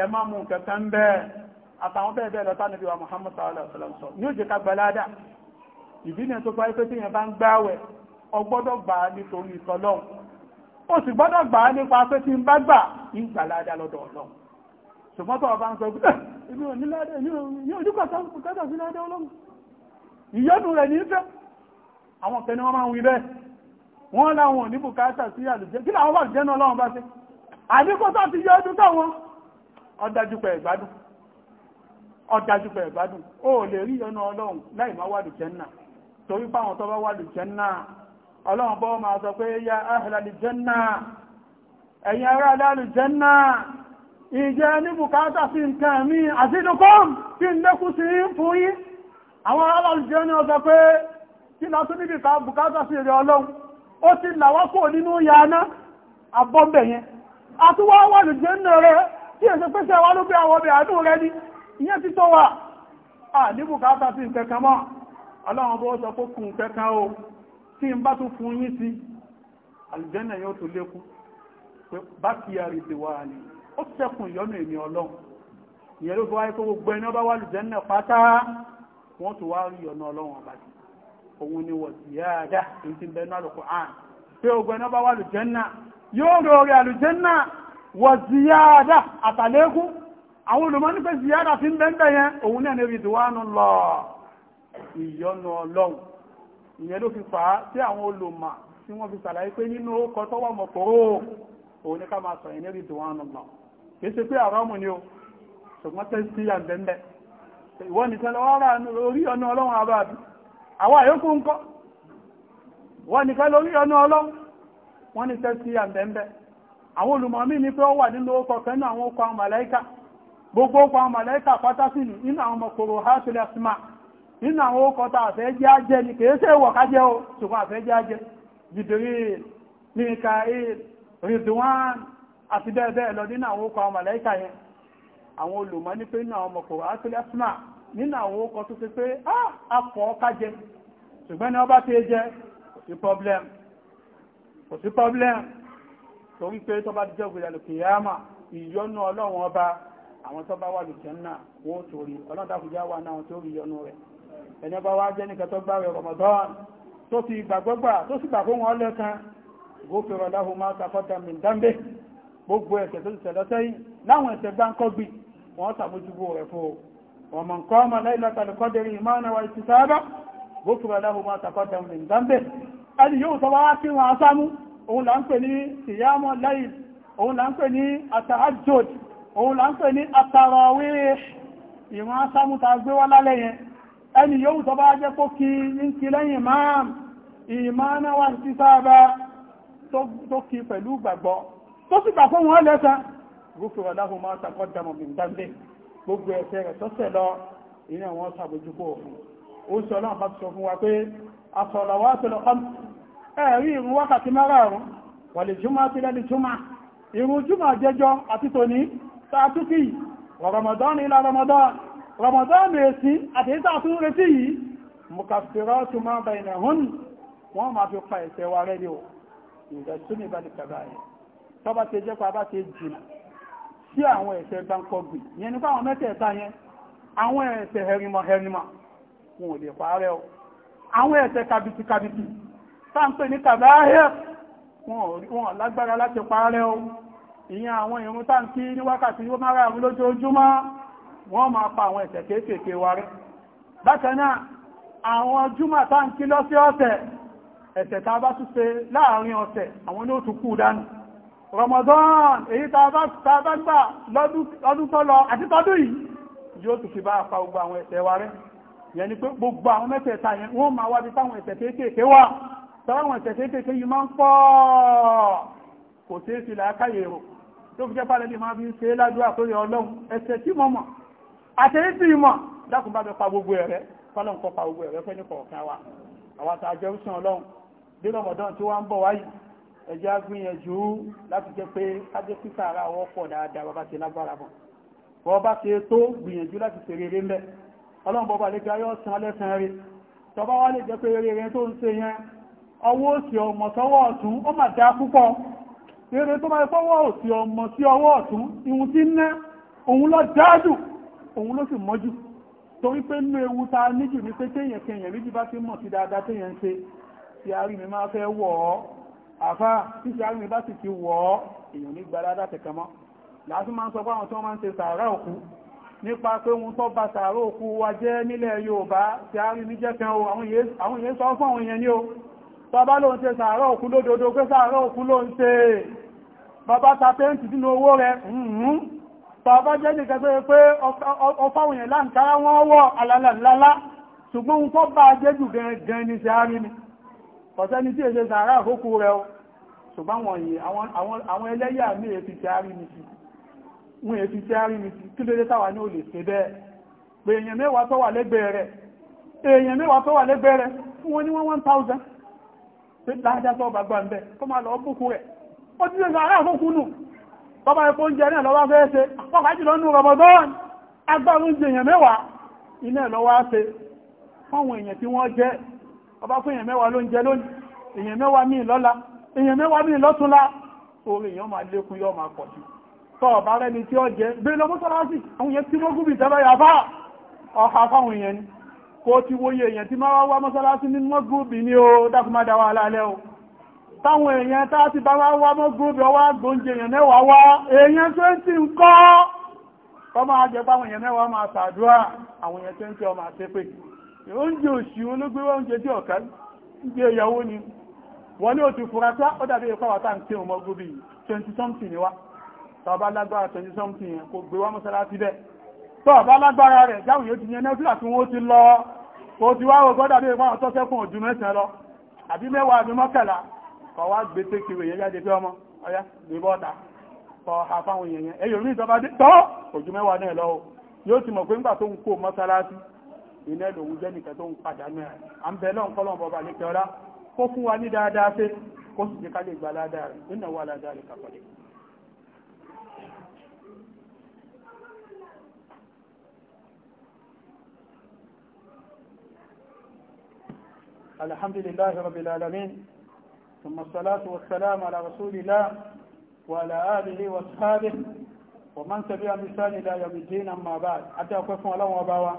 ẹ má mú kẹta ń bẹ́ àtàwọn bẹ́ẹ̀ bẹ́ẹ̀ lọ́tà níbi wa Muhammad sallallahu alaihi wasallam ní ṣùgbọ́n tó ọba ń sọ pé ibi eh, ò nílẹ́dẹ̀ ní ojúkọ̀ta bùkátà sí lẹ́dẹ̀ ọlọ́run ìyọ́nù rẹ̀ ní ìfẹ́ àwọn kẹni wọ́n máa ń wí bẹ́ẹ̀ wọ́n láwọn ò ní bùkátà sí àlùjẹ́ kí làwọn wàlùjẹ́ náà ọlọ́run bá sí àdíkọ́tà ti yọ ọdún táwọn ọdájúpẹ̀ ìgbádùn ọdájúpẹ̀ ìgbádùn ó lè rí ọ̀nà ọlọ́run láì má wàlùjẹ́ náà torí fáwọn tó bá wàlùjẹ́ náà ọlọ́run bọ́ máa sọ pé ya ahlàlùjẹ́ náà ẹ̀yin ará alálùjẹ́ náà ìjẹ́ ní bùkátà sí nǹkan mi àzídùkọ́m tí ń lékú sí fún yí àwọn alàlùjẹ́ ní ọjọ́ pé kí lọ tún níbi bùkátà sí èrè ọlọ́run ó ti làwákò nínú yaná àbọ́m̀bẹ̀ yẹn àtúwọ́ wà lè jẹ́ nà rẹ tí èsè pèsè wà ló bí àwọn ọbẹ̀ àánú rẹ ní ìyẹn ti tó wà ní bùkátà sí nǹkan mọ́ ọlọ́run bó sọ pé kùn kẹkan o tí ń bá tún fún yín sí àlùjẹ́ náà yóò tún lékún pé bá ti wà nìyí ó sẹ́kùn ìyọ́nù èmi ọlọ́run ìyẹn ló fi wáyé pé gbogbo ẹni ọba wà lùjẹ́ náà pátá wọ́n tó wá rí ọ̀nà ọlọ́run ọba sí òun ni wọ̀ sí yáadá èyí tí ń bẹ náà lọ́kọ̀ àn pé gbogbo ẹni ọba wà lùjẹ́ náà yóò rí orí àlùjẹ́ náà wọ̀ sí yáadá àtàlẹ́kùn àwọn olùmọ́ní sí yáadá fi ń bẹ́ńbẹ́ yẹn òun náà ní orí ìdíwánu lọ òun ní ká máa sọ̀rọ̀ ìlérí ìdíwánu lọ kìí pe pé ni o ṣùgbọ́n tẹ́ sí àǹdẹ́ǹdẹ́ ìwọ́n ni tẹ́lẹ̀ wọ́n orí ọ̀nà ọlọ́run àbáàbí àwọn àyókù ń kọ́ wọ́n ni tẹ́lẹ̀ orí ọ̀nà ọlọ́run wọ́n ni tẹ́ sí àwọn olùmọ̀mí ni pé ó wà nínú ọkọ̀ gbogbo ọkọ̀ àwọn màláíkà pátá nínú àwọn ọmọkòrò hásìlẹ̀ nínú àwọn ọkọ̀ tá àfẹ́ jẹ́ ajẹ́ ni kìí ṣe kájẹ́ o ṣùgbọ́n àfẹ́ àti bẹ́ẹ̀bẹ́ẹ̀ lọ nínú àwọn okọ̀ àwọn màláíkà yẹn àwọn olùmọ̀ ní pé nínú àwọn ọmọkọ̀ asma nínú àwọn okọ̀ tó ọba tí ó jẹ e kò sí problem torí pé tọ́ba jẹ́ ògbèrè àlùkìyàmà ìyọnu ọlọ́run ọba àwọn wà wọ́n torí ọlọ́run tó ọba ti gbogbo ẹ̀ṣẹ̀ tó ti ṣẹ̀ lọ́sẹ́yìn láwọn ẹ̀ṣẹ̀ gbáǹkọ́gbì wọ́n sàmójúgbò rẹ̀ fún wọn mọ̀ nǹkan ọmọ láìlọ́tàlùkọ́dẹ̀rí ìmọ́nà wa ìtìsáábà gbókùnrin aláhùn máa tàkọ́dà òun ní zambe ẹni yóò tọwọ́ wá kí wọn asámú òun là ń pè ní ìyámọ́ láìl òun là ń pè ní àtàájòd òun là ń pè ní àtàràwé ìwọ̀n asámú ta gbé wá lálẹ́ yẹn ẹni yóò tọwọ́ wá jẹ́ kó kí ń kí lẹ́yìn máàm ìmọ́nà wa ìtìsáábà tó kí pẹ̀lú gbàgbọ́ tó sì gbà fún wọn lẹ́sàn gúfèrè ọláhùn máa tàkọ́ dàmọ̀ bí dáńdé gbogbo ẹ̀ṣẹ̀ rẹ̀ tọ́sẹ̀ lọ iná wọn sàbójúkó òfin ó sọ náà bá sọ fún wa pé asọ̀rọ̀ wá sọ̀rọ̀ kan ẹ̀rí ìrun wákàtí márààrún wà lè jùmọ̀ àti lẹ́ni jùmọ̀ ìrun jùmọ̀ jẹjọ àti tòní sáàtúkì wà ramadan ilá ramadan ramadan èsì àti ìtàtún retí yìí mùkàfẹ́rọ́ tó máa bẹ̀rẹ̀ hún wọ́n máa fi pa ẹ̀ṣẹ̀ wa rẹ̀ ni ò ìgbẹ̀sùn ìbálẹ̀ kàbáyé tọ́ba ti jẹ́ pa bá ti jìnà sí àwọn ẹ̀ṣẹ̀ gbáǹkọ́gbì yẹn nípa àwọn mẹ́tẹ̀ẹ̀ta yẹn àwọn ẹ̀ṣẹ̀ hẹrìmọ̀ hẹrìmọ̀ wọn ò lè parẹ́ o àwọn ẹ̀ṣẹ̀ kàbìtì kàbìtì táǹpẹ̀ ní kàbáyẹ̀ wọn lágbára láti parẹ́ o ìyẹn àwọn ìrun táǹkì ní wákàtí yóò máa rà lójoojúmọ́ wọ́n máa pa àwọn ẹ̀ṣẹ̀ kéékèèké wa tá Ramadan èyí tàbá gbà lọ́dún tó lọ àti tọdún yìí yóò tún fi bá apá gbogbo àwọn ẹ̀ṣẹ̀ wa rẹ́ yẹn ni pé gbogbo àwọn mẹ́tẹ̀ẹ̀ta yẹn wọ́n máa wá bí fáwọn ẹ̀ṣẹ̀ kéékèèké wà tọ́wọ́n ẹ̀ṣẹ̀ kéékèèké yìí máa ń pọ̀ kò sí èsì làákàyè rò tó fi jẹ́ pálẹ̀ bí máa fi ń ṣe ládùúgbà tó yẹ ọlọ́run ẹ̀ṣẹ̀ tí mo mọ̀ àtẹ̀yí tí mọ̀ dákun bá mi pa gbogbo ẹ̀rẹ́ fọlọ́n kọ́ pa gbogbo ẹ̀rẹ́ fẹ́ ní kọ̀ọ̀kan wa àwọn àtàjẹ́ òsìn ọlọ́run bí Ramadan tí wọ́n ń bọ̀ wáyìí ẹjẹ́ agbìyànjú láti jẹ́ pé kájẹ́ pípa ara wọ́n pọ̀ dáadáa bàbá ti lágbára bọ̀ bọ́ bá ṣe tó gbìyànjú láti ṣe rere ń bẹ́ ọlọ́run bọ́ba lè ga yóò san lẹ́sàn rẹ̀ tọba wá lè jẹ́ pé rere tó ń ṣe yẹn ọwọ́ òsì ọmọ sọ́wọ́ ọ̀tún ó mà dá púpọ̀ rere tó máa fọ́wọ́ òsì ọmọ sí ọwọ́ ọ̀tún ihun tí ná òun lọ dáájù òun ló sì mọ́jú torí pé nínú ewu ta níjù ní pé téèyàn kẹyàn méjì bá ti mọ̀ sí dáadáa téèyàn ń ṣe ti àrí mi máa fẹ́ wọ̀ ọ́ àfá títí àrùn bá sì ti wọ́ èèyàn ní gbàdádá tẹ̀kẹ́ mọ́ láti máa ń sọ fáwọn tí wọ́n máa ń ṣe sàárà òkú nípa pé wọn tó bá sàárà òkú wa jẹ́ nílẹ̀ Yorùbá tí a rí ní jẹ́kẹ́ o àwọn èyí sọ fún àwọn èèyàn ní o bàbá ló ń ṣe sàárà òkú lódodo pé sàárà òkú ló ń ṣe bàbá ta pẹ́ǹtì sínú owó rẹ̀ bàbá jẹ́ nìkan tó yẹ pé ọfáwọn èèyàn láǹkárá wọ́n wọ́ alálàlálá ṣùgbọ́n wọn tó bá jẹ́jù gan-an ni ṣe á rí ni kọ̀sẹ́ni tí èṣe sàárà àkókò rẹ̀ o ṣùgbọ́n wọ̀nyí àwọn ẹlẹ́yà ní èfi tí a rí ní sí wọ́n èfi tí a rí ní sí kí lóde táwa ní ò ṣe bẹ́ẹ̀ èèyàn mẹ́wàá tó lẹ́gbẹ̀ẹ́ rẹ̀ fún wọn ní wọ́n one thousand pé láàjá tó bá gbà ń bẹ̀ kó máa lọ bùkún rẹ̀ ó ti ṣe sàárà àkókò nù bọ́bá epo oúnjẹ náà lọ́wọ́ fẹ́ ṣe àpọ̀kà jùlọ ọba fún èèyàn mẹ́wàá ló ń jẹ lónìí èèyàn mẹ́wàá míì lọ́la èèyàn mẹ́wàá míì lọ́túnla orí èèyàn máa lékún yóò máa pọ̀ sí tọ́ ọ̀bá rẹni tí ó jẹ gbé lọ mọ́sálásì àwọn èèyàn tí mọ́gùn bì tẹ́lẹ̀ yàfá ọ̀hà fáwọn èèyàn ni kó ti wo iye èèyàn tí máa wá mọ́sálásì ní mọ́gùn bì ní o dákúmádà wà lálẹ́ o táwọn èèyàn tá ti bá wá wá mọ́gùn bì ọwá gbóúnjẹ èèyàn mẹ́wàá wá èèyàn tó ń ti ń kọ́ tọ́ máa jẹ pé èèyàn mẹ́wàá máa ṣàdúrà àwọn èèyàn tó ń ti ọmọ àṣepè oúnjẹ òṣì wọn ló gbé wá oúnjẹ tí ọ̀ká jẹ́ ìyàwó ni wọ́n ní òtù fura pé ó dàbí ipá wà táà ń tí ọmọ gómìn 20 something ni wá tọ́ọ̀bá lágbára 20 something yẹn kò gbé wá mọ́sálásí bẹ́ẹ̀ tọ́ọ̀bá lágbára rẹ̀ jáwùn yóò ti yẹn nẹ́fílà tí wọ́n ti lọ kò ti wá ogọ́ dàbí ipá wọn tọ́sẹ́ fún ọdún mẹ́sàn lọ àbí mẹ́wàá àbí mọ́kànlá kọ̀ wá gbé tékiri yẹn jáde pé ọmọ ọyá gbé bọ́ta kọ̀ ha fáwọn yẹn yẹn ẹ̀yọ̀ rí ìjọba dé tọ́ òjú mẹ́wàá náà lọ yóò ti tó ń kó mọ́sálásí iná lòun jẹ́ nìkan tó ń padà náà à ń bẹ náà kọ́lọ̀ bọ̀bà ní kẹọ́lá kó fún wa ní dáadáa pé kó sì jẹ́ ká lè gba dáadáa rẹ̀ nínú wa dáadáa rẹ̀ kàkọ́lẹ̀ الحمد لله رب العالمين ثم الصلاة والسلام على رسول الله وعلى آله وأصحابه ومن تبع بسان إلى يوم الدين أما بعد أتى أقفوا لهم وباوا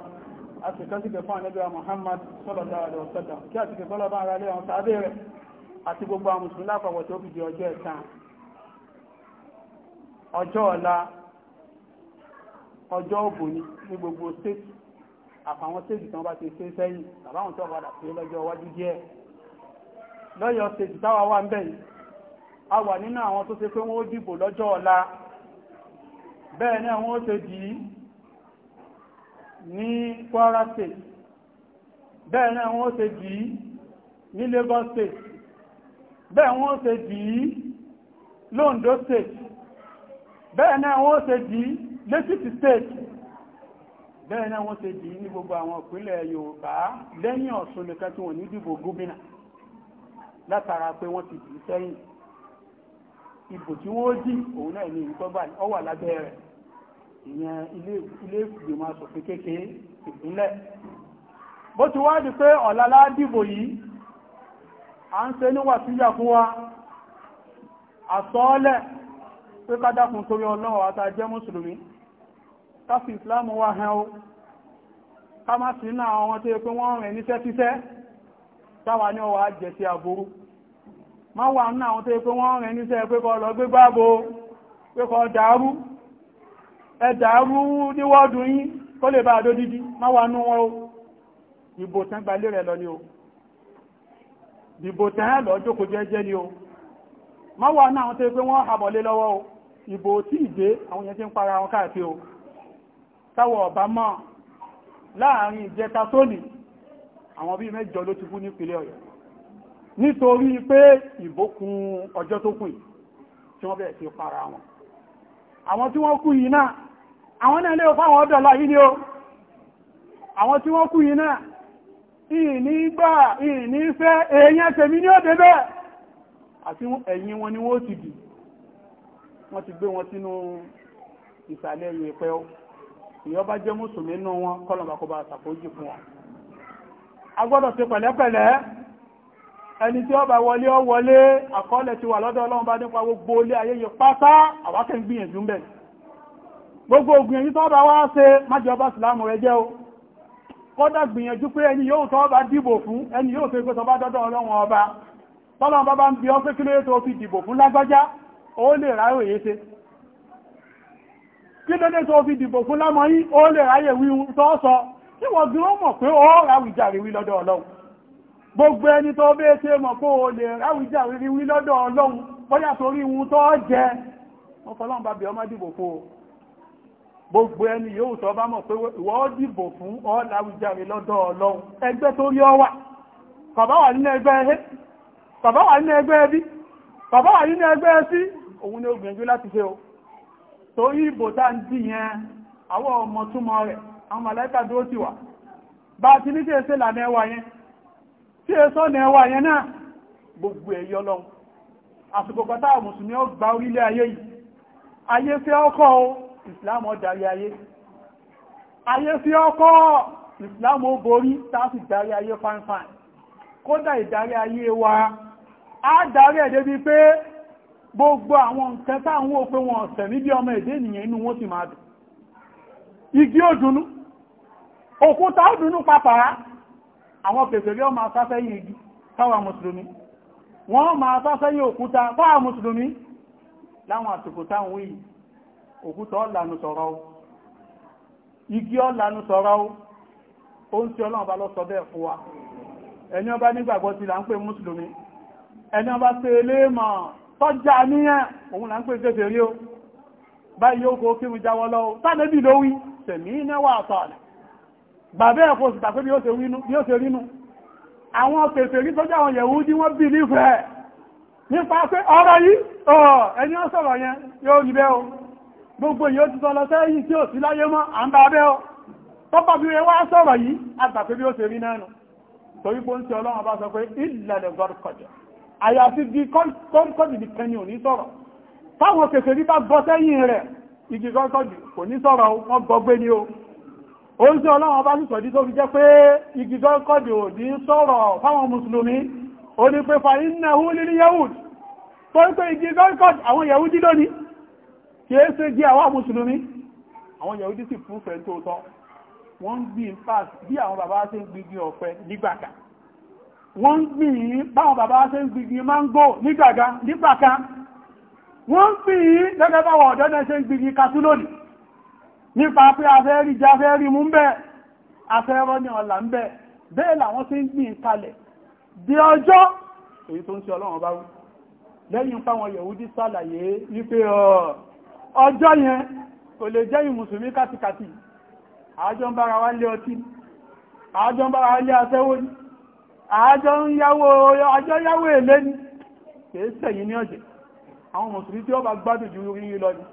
àti kásìkẹ̀ fún ànẹ́bíwa Muhammad sallallahu alaihi wasallam kí àti kẹfọ́lọ́ bá ara lé àwọn tàbí rẹ̀ àti gbogbo àwọn mùsùlùmí lápapọ̀ tó fi di ọjọ́ ẹ̀san ọjọ́ òbò ni ní gbogbo stéètì àfàwọn stéètì tán bá ti ṣe sẹ́yìn àbáwọn tó padà pé lọ́jọ́ iwájú díẹ̀ lọ́yọ̀ stéètì táwa wà ń bẹ̀ a wà nínú àwọn tó ṣe pé wọ́n ó dìbò lọ́jọ́ ọ̀la bẹ́ẹ̀ náà wọ́n ó ṣe dìí ní Kwara State bẹ́ẹ̀ náà wọ́n ṣe dì í ní Lagos State bẹ́ẹ̀ wọ́n ṣe dì í l'Ondo State bẹ́ẹ̀ náà wọ́n ṣe dì í l'Ekiti State bẹ́ẹ̀ náà wọ́n ṣe dì í ní gbogbo àwọn ìpínlẹ̀ Yorùbá lẹ́yìn Ọ̀ṣun nìkan tí wọ́n ní dìbò gómìnà látara pé wọ́n ti dì í sẹ́yìn ibò tí wọ́n dì òun náà ní ìtọ́gbà ọwà lábẹ́ rẹ̀ ìyẹn ilé ìgbìmọ̀ asòfin kékeré ìpínlẹ̀ bó ti wá di pé ọ̀lálá dìbò yìí a ń ṣe níwà síyà fún wa àsọ́ọ́lẹ̀ pé kádàkùn torí ọlọ́wọ́ àtàjẹ́ mùsùlùmí káfí ìsìláàmù wá hẹn o ká má sí náà àwọn tó yẹ pé wọ́n rìn níṣẹ́ tíṣẹ́ táwa ní ọwà jẹ́ sí àbúrú má wà náà àwọn tó yẹ pé wọ́n rìn níṣẹ́ pé kọ́ lọ gbégbábo pé kọ́ dàárú ẹ̀dà rú níwọ́dù yín kó lè bá àdó dídí má wà nú wọn o ìbò tán gbalé rẹ̀ lọ ni o ìbò tán lọ jókòó jẹ́jẹ́ ni o má wà náà àwọn tó pé wọ́n hàbọ̀lé lọ́wọ́ o ìbò tí ìdé àwọn yẹn tí ń para wọn káàkiri o táwọ̀ ọ̀bá mọ́ láàrin ìjẹta sóní àwọn bí mẹ́jọ ló ti kú nípínlẹ̀ Ọ̀yọ́ nítorí pé ìbò kún ọjọ́ tó kù yìí tí wọ́n bẹ̀rẹ̀ sí para wọn àwọn tí wọ́n kú yìí náà àwọn náà lẹ́wọ́ fáwọn ọ̀dọ̀ láyé ni ó àwọn tí wọ́n kú yìí náà ìní gbà ìní fẹ́ èèyàn tèmi ní òde bẹ́ẹ̀ àti ẹ̀yìn wọn ni wọ́n ti dì wọ́n ti gbé wọn sínú ìsàlẹ̀ ìyẹ̀pẹ̀ ó ìyọ́ bá jẹ́ mùsùlùmí nínú wọn kọ́lọ̀bàkọ́bà àtàkójì fún wọn a gbọ́dọ̀ gbogbo ogun tó bá wá ṣe májọba ìsìlámù rẹ jẹ́ o kọ́dá gbìyànjú pé ẹni yóò tọ́ dìbò fún ẹni yóò tó ìgbésọ dọ́dọ̀ ọlọ́run ọba tọ́lọ́run bá ń bí ọ́ pé kí fi dìbò fún lágbájá ó lè ráyè òye ṣe kí lóyé fi dìbò fún lámọ́yí ó lè ráyè wíwu tọ́ọ̀sọ tí wọ́n gbé ó mọ̀ pé ó ráwìjàre wí lọ́dọ̀ ọlọ́run gbogbo ẹni tó bẹ́ẹ̀ ṣe mọ̀ pé ó lè ráwìjàre wí lọ́dọ̀ ọlọ́run torí tọ́ gbogbo ẹni yóò sọ bá mọ̀ pé ìwọ dìbò ọ lọ́dọ̀ ọlọ́run ẹgbẹ́ tó rí ọ bàbá wà nínú ẹgbẹ́ ẹhẹ́ bàbá wà nínú ẹgbẹ́ ẹbí wà ẹgbẹ́ òun ni obìnrin jú láti ṣe o torí ìbò tá ọmọ rẹ̀ àwọn dúró ti wà bá ti ní ìsìláàmù ọ̀darí ayé ayé sí ọkọ́ ìsìláàmù ó borí táàsì darí ayé fáńfáń kódà ìdarí ayé wa á darí ẹ̀ débi pé gbogbo àwọn nǹkan táwọn òpé wọn ọ̀sẹ̀ níbi ọmọ èdè ènìyàn inú wọn sì máa dùn igi òdùnú òkúta òdùnú pàpàá àwọn kèfèrí ọmọ asáfẹ́yìn igi táwa mùsùlùmí wọ́n máa sáfẹ́yìn òkúta fáwa mùsùlùmí láwọn àsìkò táwọn yìí òkúta ọ̀lànù sọ̀rọ̀ o igi ọ̀lànù sọ̀rọ̀ o ó ń tí ọlọ́run bá lọ sọ bẹ́ẹ̀ fún wa ẹni ọba nígbàgbọ́ ti là ń pè mùsùlùmí ẹni ọba pé eléèmọ̀ tọ́jà níyàn òun là ń pè gẹ́gẹ́ rí o báyìí yóò kó kí mi jáwọ́ lọ́wọ́ tánẹ́bì ló wí tẹ̀mí náwà àtọ̀ọ̀lẹ̀ bàbá ẹ̀kọ́ sì tàpé bí ó ṣe rínú àwọn pèsè rí tọ́jà àwọn yẹ̀wú dí wọ́n bí nífẹ̀ẹ́ nípa pé ọ̀rọ̀ yìí ẹni ó yẹn yóò rí bẹ́ẹ̀ o gbogbo yóò ti sọlọ sẹ́yìn tí ó sí láyé mọ́ à ń bá abẹ́ ọ tọ́pọ̀ bí wọ́n wá sọ̀rọ̀ yìí àgbàpé bí ó ṣe rí náà nù torí pé ó ń ṣe ọlọ́run bá sọ pé ìlàlẹ̀ gọ́rùkọ̀jọ àyàfi bí kọ́rùkọ̀jù ní kẹni ò ní sọ̀rọ̀ táwọn kèfè bí bá gbọ́ sẹ́yìn rẹ̀ igi gọ́rùkọ̀jù kò ní sọ̀rọ̀ wọn o ó ń ṣe ọlọ́run bá sì sọ̀dí tó fi jẹ́ pé igi gọ́rùkọ̀jù ò ní sọ̀rọ̀ fáwọn mùsùlùmí ó ní pé fa iná hú nínú yahud torí pé igi gọ́rùkọ̀jù àwọn yahudi lónìí kìí ṣe jẹ́ àwọn mùsùlùmí àwọn yahudi sì fún fẹ́ tó tọ́ wọ́n ń gbìn pass bí àwọn bàbá ṣe ń gbìgbìn ọ̀pẹ nígbàkà wọ́n ń gbìn báwọn bàbá ṣe ń gbìgbìn mángò nígbàkà nígbàkà wọ́n ń gbìn gẹ́gẹ́ báwọn ọ̀dọ́ náà ṣe ń gbìgbìn katulóni nípa pé afẹ́ rí jẹ́ afẹ́ rí mú ń afẹ́ rọ́ ní ọ̀là ń bẹ́ bẹ́ẹ̀ làwọn di ọjọ́ èyí tó ń ṣe ọlọ́run bá wú lẹ́yìn fáwọn yahudi sàlàyé wípé ọjọ́ yẹn kò lè jẹ́ ìmùsùlùmí kàtìkàtì àájọ́ ń bára wá lé ọtí àájọ́ ń bára wá lé aṣẹ́wó ní àájọ́ ń yáwó ọjọ́ yáwó èlé ní kìí sẹ̀yìn ní ọ̀jẹ̀ àwọn mùsùlùmí tí ó bá gbádùn ju rí lọ ní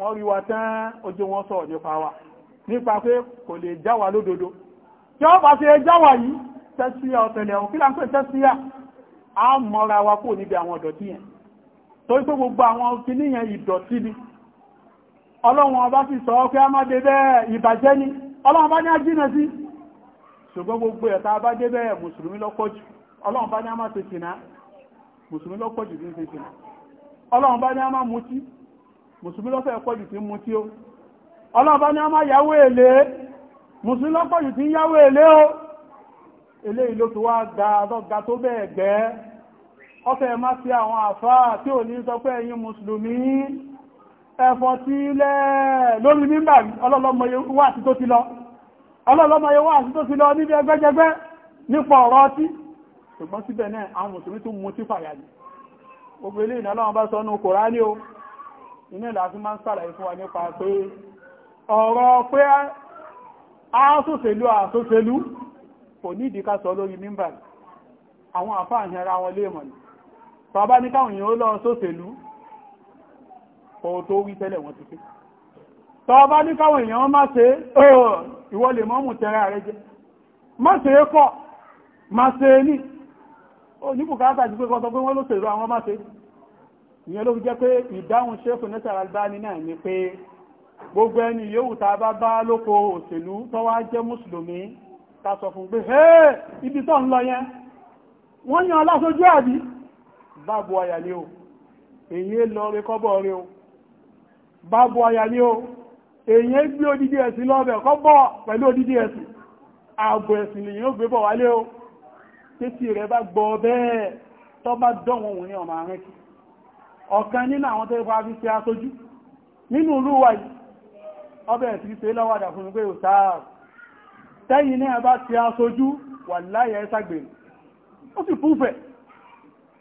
wọ́n rí wa tán ojú wọn sọ̀rọ̀ nípa wa nípa pé kò lè já wa lódodo tí ó bá ṣe já wa yìí tẹ́síyà ọ̀tẹ̀lẹ̀ ọ̀hún kí là á mọ́ra wa kò níbi àwọn ọ̀dọ̀ tí yẹn tó pé gbogbo àwọn kìníyàn ìdọ̀tí ni ọlọ́run ọba sì sọ pé a má dé bẹ́ẹ̀ ìbàjẹ́ ni ọlọ́run bá ní sí ṣùgbọ́n gbogbo ẹ̀ta bá dé bẹ́ẹ̀ mùsùlùmí lọ́pọ̀jù ọlọ́run bá ní a má ṣìnà mùsùlùmí lọ́pọ̀jù ń ṣìnà ọlọ́run bá ní a mùsùlùmí pọ̀jù ti ń o a tí o ọfẹ́ má sí àwọn àfá tí ò ní sọ pé ẹ̀yin mùsùlùmí ẹ̀fọ́ tí lẹ́ lórí mímbà ọlọ́lọ́mọye wà sí tó ti lọ níbi ẹgbẹ́jẹgbẹ́ nípa ọ̀rọ̀ ọtí ṣùgbọ́n síbẹ̀ náà àwọn mùsùlùmí tún mú tí fàyàlì gbogbo ilé ìnà Ọlọ́run bá sọ ní Kòránì o iná ìlàfí máa ń sàlàyé fún wa nípa pé ọ̀rọ̀ pé aṣòṣèlú aṣòṣèlú kò ní ìdíkà sọ lórí mímbà àwọn àfáà ìhẹ́ra wọn lè mọ̀ ní tàbá ní káwọn èèyàn lọ sóṣèlú ọ̀rọ̀ tó wí tẹ́lẹ̀ wọ́n ti pé tàbá ní káwọn èèyàn má ṣe ìwọ lè mọ́mù tẹ́rà rẹ jẹ má ṣe é kọ́ má ṣe ní oníbùkátà ti pé kọ́sọ pé wọ́n ló ṣèlú àwọn má ṣe ìyẹn ló fi jẹ́ pé ìdáhùn ṣẹ́fù ní Al-Albani náà ni pé gbogbo ẹni yóò ta bá bá lóko òṣèlú tó wá jẹ́ mùsùlùmí ta sọ fún pé ibi tó ń lọ yẹn wọ́n yan aláṣojú àbí báàbù àyà ni o èyí lọ rí kọ́bọ̀ rí o báàbù àyà ni o èyí gbé odidi ẹ̀sìn lọ́bẹ̀ kọ́bọ̀ pẹ̀lú odidi ẹ̀sìn ààbò ẹ̀sìn lè yóò gbé bọ̀ wálé o títí rẹ̀ bá gbọ́ bẹ́ẹ̀ tọ́ bá dọ̀wọ̀n òun ní ọmọ àárín kì ọ̀kan nínú àwọn tó fà fi ṣe aṣojú nínú ìlú wa ó sì fúnfẹ̀ẹ́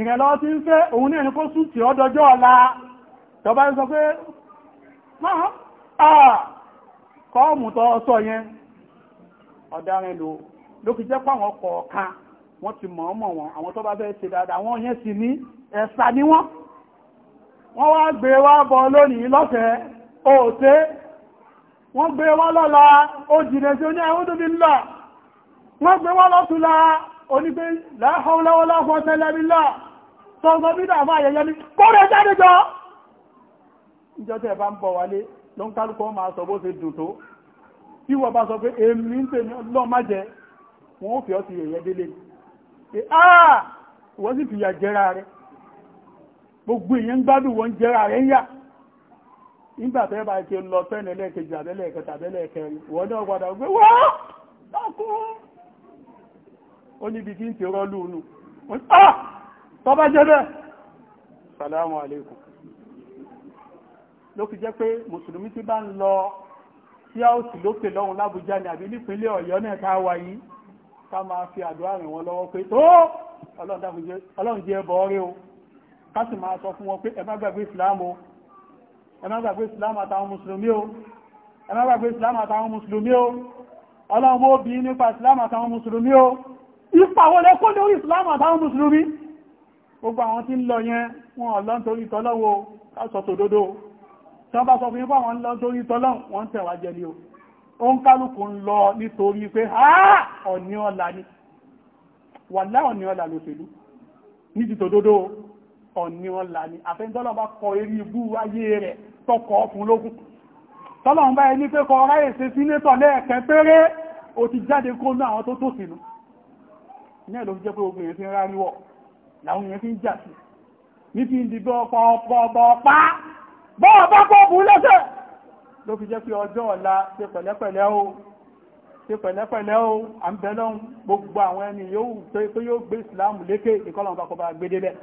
ìrẹ̀lọ́ ti ń fẹ́ òun ní ẹnikó sún tí ó dọjọ́ ọ̀la tọba ń sọ pé Ah, kọ́ọ̀mù tọ́ ọsọ yẹn ọ̀daràn lò lókì jẹ́ pàwọn kọ̀ọ̀kan wọ́n ti mọ̀ ọmọ wọn àwọn tọ́ba fẹ́ ṣe dáadáa wọ́n yẹn sì ní ẹ̀sà ní wọ́n wọ́n wá gbé wá bọ̀ lónìí lọ́fẹ̀ẹ́ òòté wọ́n gbé wá lọ́la ó jìnà sí oní ẹ̀hún tó fi ń lọ wọ́n gbé wá lọ́tùla onígbé láhọ́láwọ́lá fún ọ̀tẹ́lẹ́bílá tọ́gbọ́ bídà máa yẹyẹ ní kọ́rẹ̀ jáde jọ ìjọ tẹ́ bá ń bọ̀ wálé ló ń kálùkọ́ máa sọ bó ṣe dùn tó tí wọ́n bá sọ pé èmi ń tèmi lọ má jẹ wọ́n ó fi ọtí yẹyẹ délé pé áà ah! wọ́n sì fìyà jẹra rẹ gbogbo èèyàn ń gbádùn wọn jẹra rẹ ń yà nígbà tẹ́ bá ti lọ fẹ́ni ẹlẹ́ẹ̀kejì àbẹ́lẹ́ẹ̀kẹta àbẹ́lẹ́ẹ̀kẹrin wọ́n náà padà gbé wọ́n ó níbi tí ń ti rọ́ lóònù ah! tọ́bá salamu alaikum ló fi jẹ́ pé mùsùlùmí tí bá ń lọ tí a ó sì lókè lọ́hun lábújá ni àbí nípínlẹ̀ ọ̀yọ́ náà ká wà yìí ká máa fi àdúrà rìn wọn lọ́wọ́ pé tó ọlọ́run jẹ́ ẹbọ rí o ká sì máa sọ fún wọn pé ẹ má gbàgbé ìsìláàmù àtàwọn mùsùlùmí o ọlọ́run ó bí nípa ìsìláàmù àtàwọn mùsùlùmí o ìpàwọlẹ̀ kó lórí islam àtàwọn musulmi gbogbo àwọn tí ń lọ yẹn wọn ọ̀lọ́ nítorí tọ́lọ́wọ́ káṣọ tòdodo tí wọ́n bá sọ fún ipá wọn lọ nítorí tọ́lọ́ wọ́n tẹ̀wà jẹ ní o ń kálùkù ń lọ nítorí pé ọ̀ní ọ̀la ni wà láì ọ̀ní ọ̀la iná ìlò fi jẹ́ pé ogun èèyàn fi ń ráríwọ̀ làwọn èèyàn fi ń jà sí ní fi ń di bọ́ọ̀pọ̀ọ̀pá bọ́ọ̀pá pọ̀ọ̀pù lẹ́sẹ̀ ló fi jẹ́ pé ọjọ́ ọ̀la ṣe pẹ̀lẹ́pẹ̀lẹ́ o ṣe pẹ̀lẹ́pẹ̀lẹ́ o à ń bẹ̀lọ́ gbogbo àwọn ẹni yóò pé yóò gbé Islam lékè ìkọlọ̀ ọ̀pá kọba gbédébẹ̀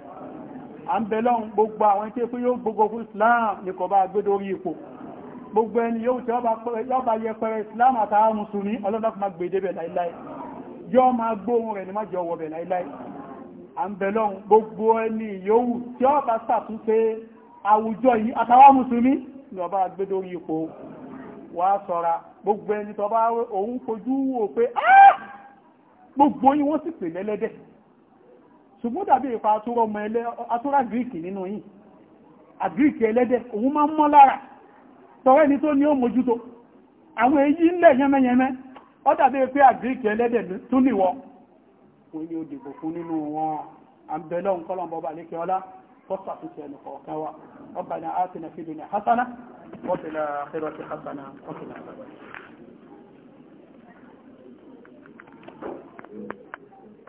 à ń bẹ̀lọ́ gbogbo àwọn ẹni pé yóò gbogbo fún Islam ní kọba gbédórí ipò gbogbo ẹni yóò tí ọba yẹpẹrẹ Islam àtàrà mùsùlùmí ọlọ́dọ́kùnmá gbédébẹ̀ láìláì yọ́ máa gbóhun rẹ̀ ní má jọ wọ̀bẹ̀ láíláí à ń bẹ̀lọ́n gbogbo ẹni yòówù tí ó bá ṣàtúnṣe àwùjọ yìí àtàwọn mùsùlùmí ni ọba agbédórí ipò wà sọ́ra gbogbo ẹni tó bá òun fojú wò pé ah! gbogbo yìí wọ́n sì pè lẹ́lẹ́dẹ̀ ṣùgbọ́n dàbí ipa atúrà gíríkì nínú yìí àgíríkì ẹlẹ́dẹ̀ òun máa ń mọ́ lára tọrẹ ni tó ní ó mójútó àwọn èyí ńlẹ̀ yẹmẹyẹmẹ ó dàbí pé àgíríkì ẹlẹ́dẹ̀ tún nìwọ wọn ni òdìbò fún nínú wọn àbẹ̀lọ́ nǹkan bọ́ba ní kíọ́lá fọ́sà tó ti ẹnu ọba ní àti nà fìdí ní hasana